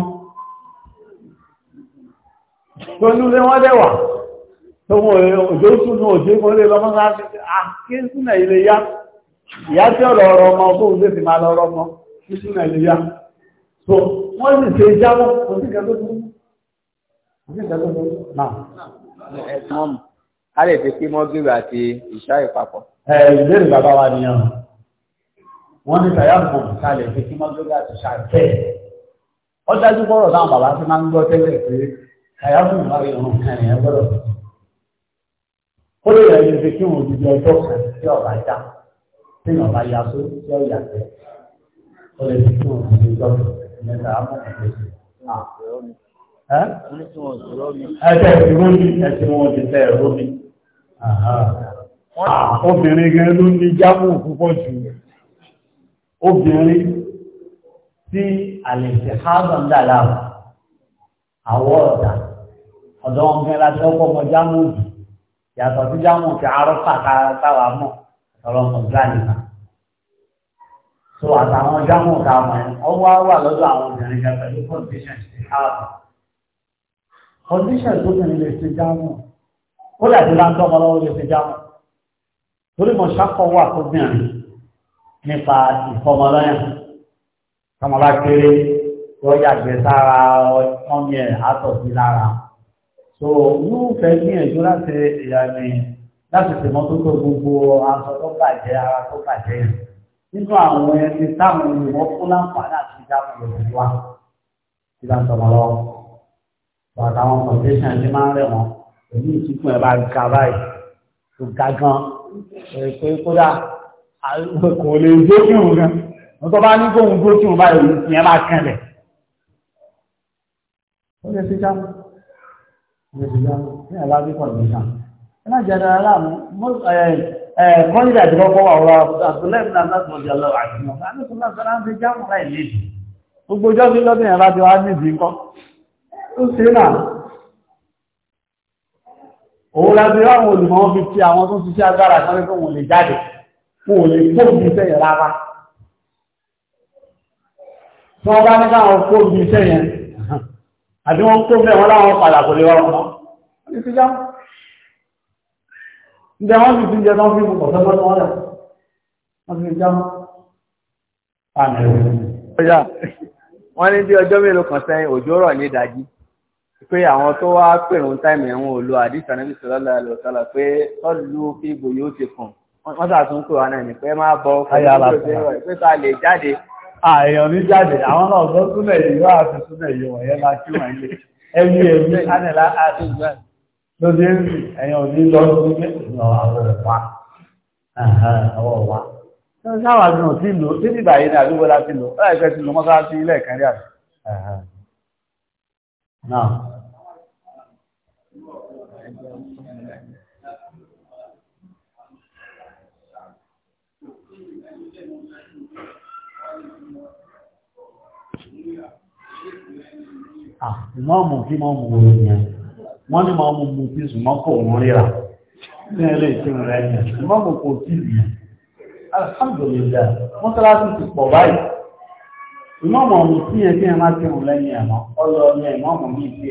pẹ̀lú lé wọ́n dẹ̀wà tó wọ́n òjò súnú òjò ìkọ́lé lọ́mọ́ láti àkíńsúnà ilé yá ìyá tí ọ̀rọ̀ ọ̀rọ̀ ọmọ bóun lè fi máa lọ rọmọ kíńsúnà ilé yá tó wọ́n sì ṣe jábọ̀ kò sí ìkẹ́ tó tó kò sí ìkẹ́ tó tó náà. ẹ̀sán ọ̀mù a lè fi kí mọ́gìrì àti ìṣá ìpapọ̀. ẹ ìbéèrè bàbá wa nìyẹn wọn máa ń gbọ́ tẹ́lẹ̀ pé kàyáfù máa yọ ọmọ kan yẹn gbọ́dọ̀ ó lè yẹ ife kí wọn dìde ọjọ́ kan tí ọba já tí ọba ya só tí ó yà tẹ ó lè fi kí wọn dìde ọjọ́ kan mẹ́ta amọ̀nà tó ṣe. Ẹ̀jẹ̀ ti wọ́n ní ẹ̀sìn wọn ti fẹ́ ẹ̀rọ mi. Obìnrin gan ló ní jámù púpọ̀ jù. Obìnrin tí àlè ṣe hábà ń dà láàbù àwọ̀ ọ̀dà ọ̀dọ́ wọn fẹ́ la tẹ́ ọkọ̀ jámù bì yàtọ̀ sí jámù ti arọ́pà táwa mọ̀ ọlọ́mọ gíláàdì so àtàwọn jámù tá a mọ̀ ọwọ́ wà lọ́dọ̀ àwọn obìnrin kan pẹ̀lú condition ti káàbọ̀. condition tó kẹ́ni lè ṣe jámù ó dàbí láńtọ́ ọmọ lọ́wọ́ lè ṣe jámù torí mo ṣàkọ́ wà fún bìnrin nípa ìfọmọlọ́yàn tọmọlá kéré yọ yàgbẹ́ sára ọmọ yẹn àtọ̀ sí lára so yóò fẹ́ gbìyànjú láti ìyàmì láti tìmọ́tótó gbogbo aṣọ tó bàjẹ́ ara tó bàjẹ́ nínú àwọn ẹni táwọn olùwọ́ fún láǹfààní àti ìdáhùn lòdì wa tí bá ń sọ̀rọ̀ lọ bàtà àwọn foundation ti máa ń rẹ̀ wọ́n èmi ìtìkùn ẹ̀ bá ga báyìí tó ga gan pé kódà kò lè dókìrùn gan wọ́n tó bá ní kóhun dókìrùn báyìí ìyẹn bá kẹ́lẹ̀ ó lè fi dáhùn ní alábí kọ̀ọ̀dúnṣà ẹlájẹ̀dá aláàmú kọ́ńdà tí wọ́n kọ́wà ọ̀rọ̀ àtúlẹ́mù náà láti mọ̀jẹ̀ lọ àjùmọ̀ àdúgbò náà ń fi jáàmù láì léèdì gbogbo ọjọ́ bí lọ́dún yẹn bá ti wá nídìí ńkọ́ ó ṣe náà òun láti rí àwọn olùmọ̀ wọn fi ti àwọn tó ṣiṣẹ́ agbára kan pé wọ́n àti wọ́n tó bẹ́ẹ̀ wọ́n láwọn padà kò lè rọrùn mọ́ ní ti dáhùn ǹjẹ́ wọ́n sì ti jẹ tán fíìmù kọ̀ọ̀tọ́ tó wọ́n rẹ̀ wọ́n ti dáhùn pàmì ẹ̀rọ. wọ́n ní bí ọjọ́ mélòó kan sẹ́yìn òjò rọ̀ ní ìdájí pé àwọn tó wá pèrún táìmì ẹ̀wọ̀n ò àdìsá níbi sọ̀rọ̀ lọ́la sọ̀rọ̀ pé tọ́lú kí yóò ti kàn wọ́n sàtúnkù wa náà ní pé má bọ́ fún ìgbésẹ̀ rẹ̀ pé ta lè jáde ààyàn ní jáde àwọn náà tó súnlẹ̀ yìí àti súnlẹ̀ yìí wọ̀nyẹ́ la kí wọ́n ilé ánìlá àti ìgbà ló dé ń rìn ẹ̀yàn òní lọ sí ìgbà àwọn ọ̀wá mọ́ọ̀mù kí mọ́ọ̀mù wò yẹn wọ́n ní mọ́ọ̀mù mú kí ṣùgbọ́n kò wọ́n ríra ní ilé ìṣẹ́rù rẹ̀ yẹn kò tí ì yẹn alhamdulillah wọ́n tọ́lá sí pọ̀ báyìí ìmọ̀ọ̀mù tí yẹn kí ẹ má lẹ́yìn ẹ̀mọ́ ọlọ ìmọ̀ọ̀mù mi ti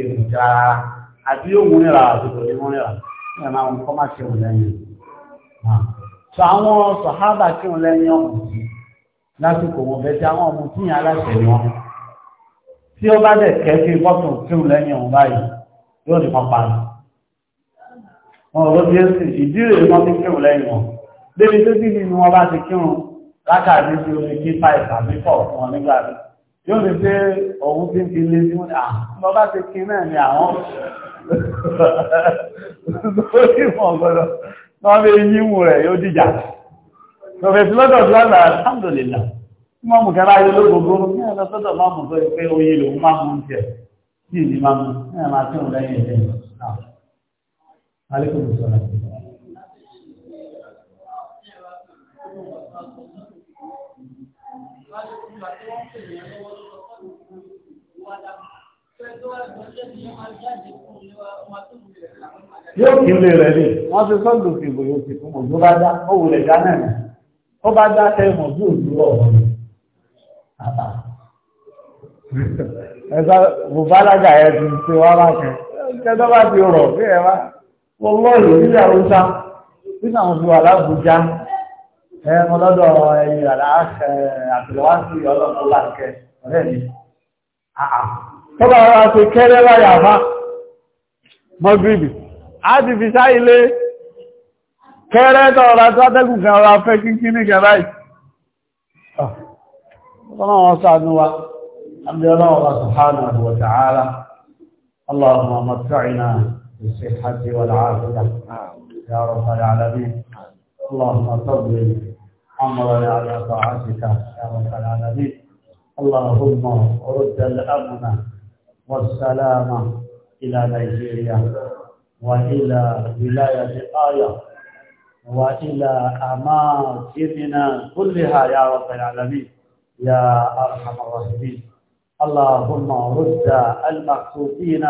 tí ó bá dẹ̀ kẹ́kí bọ́tù tí ó lẹ́yìn ọ̀hún báyìí yóò ní parí wọn ló bí ẹsì ìdí rẹ̀ wọ́n ti kírun lẹ́yìn wọn débi tó bí nínú wọn bá ti kírun lákàtí tí ó fi kí fáì tàbí pọ̀ fún wọn nígbà tí yóò ní pé òun ti ń fi lé sí wọn ti kí náà ni àwọn lórí wọn gbọ́dọ̀ wọn fi yíwù rẹ̀ yóò dìjà lọ́fẹ̀ẹ́ lọ́dọ̀ lọ́dọ̀ alhamdulillah mọ́ mú kẹrà ayé lóògbogbo ní ẹ̀lọ́sọ́dọ̀ máa mú tó pé oye ló ń máa mú ń tẹ̀ tí ìdí máa mú ní ẹ̀mà tí òun lẹ́yìn ẹ̀jẹ̀ náà alékòlù sọ̀rọ̀ yóò kí lè rẹ̀ lè wọ́n ti sọ́dọ̀ fìbò ti fún mọ̀ bá dá ó wulẹ̀ dá náà ó bá dá tẹ́ bí òdúrọ̀ ọ̀rọ̀ ẹ̀sà bùbá alága ẹ wá mo lọ́ọ̀lù nílẹ̀ haúsá nínú àwọn fi wà lábújá ẹ mo lọ́dọ̀ ẹ̀yìn àlá àtìlẹ́wáṣí ọlọ́pàá láǹkẹ́ ọ̀rẹ́ mi tọ́ba wa ṣe kẹ́rẹ́ láyà bá وما وصعدنا الحمد لله الله سبحانه وتعالى اللهم متعنا بالصحة والعافية يا رب العالمين اللهم تضل أمرنا على طاعتك يا رب العالمين اللهم رد الأمن والسلام إلى نيجيريا وإلى ولاية آية وإلى أماكننا كلها يا رب العالمين يا أرحم الراحمين اللهم رد المقصودين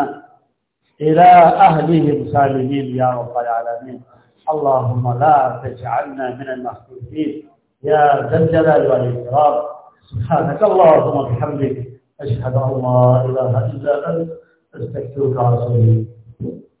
إلى أهلهم سالمين يا رب العالمين اللهم لا تجعلنا من المقصودين يا ذا الجلال والإكرام سبحانك اللهم وبحمدك أشهد أن لا إله إلا أنت أستغفرك وأتوب إليك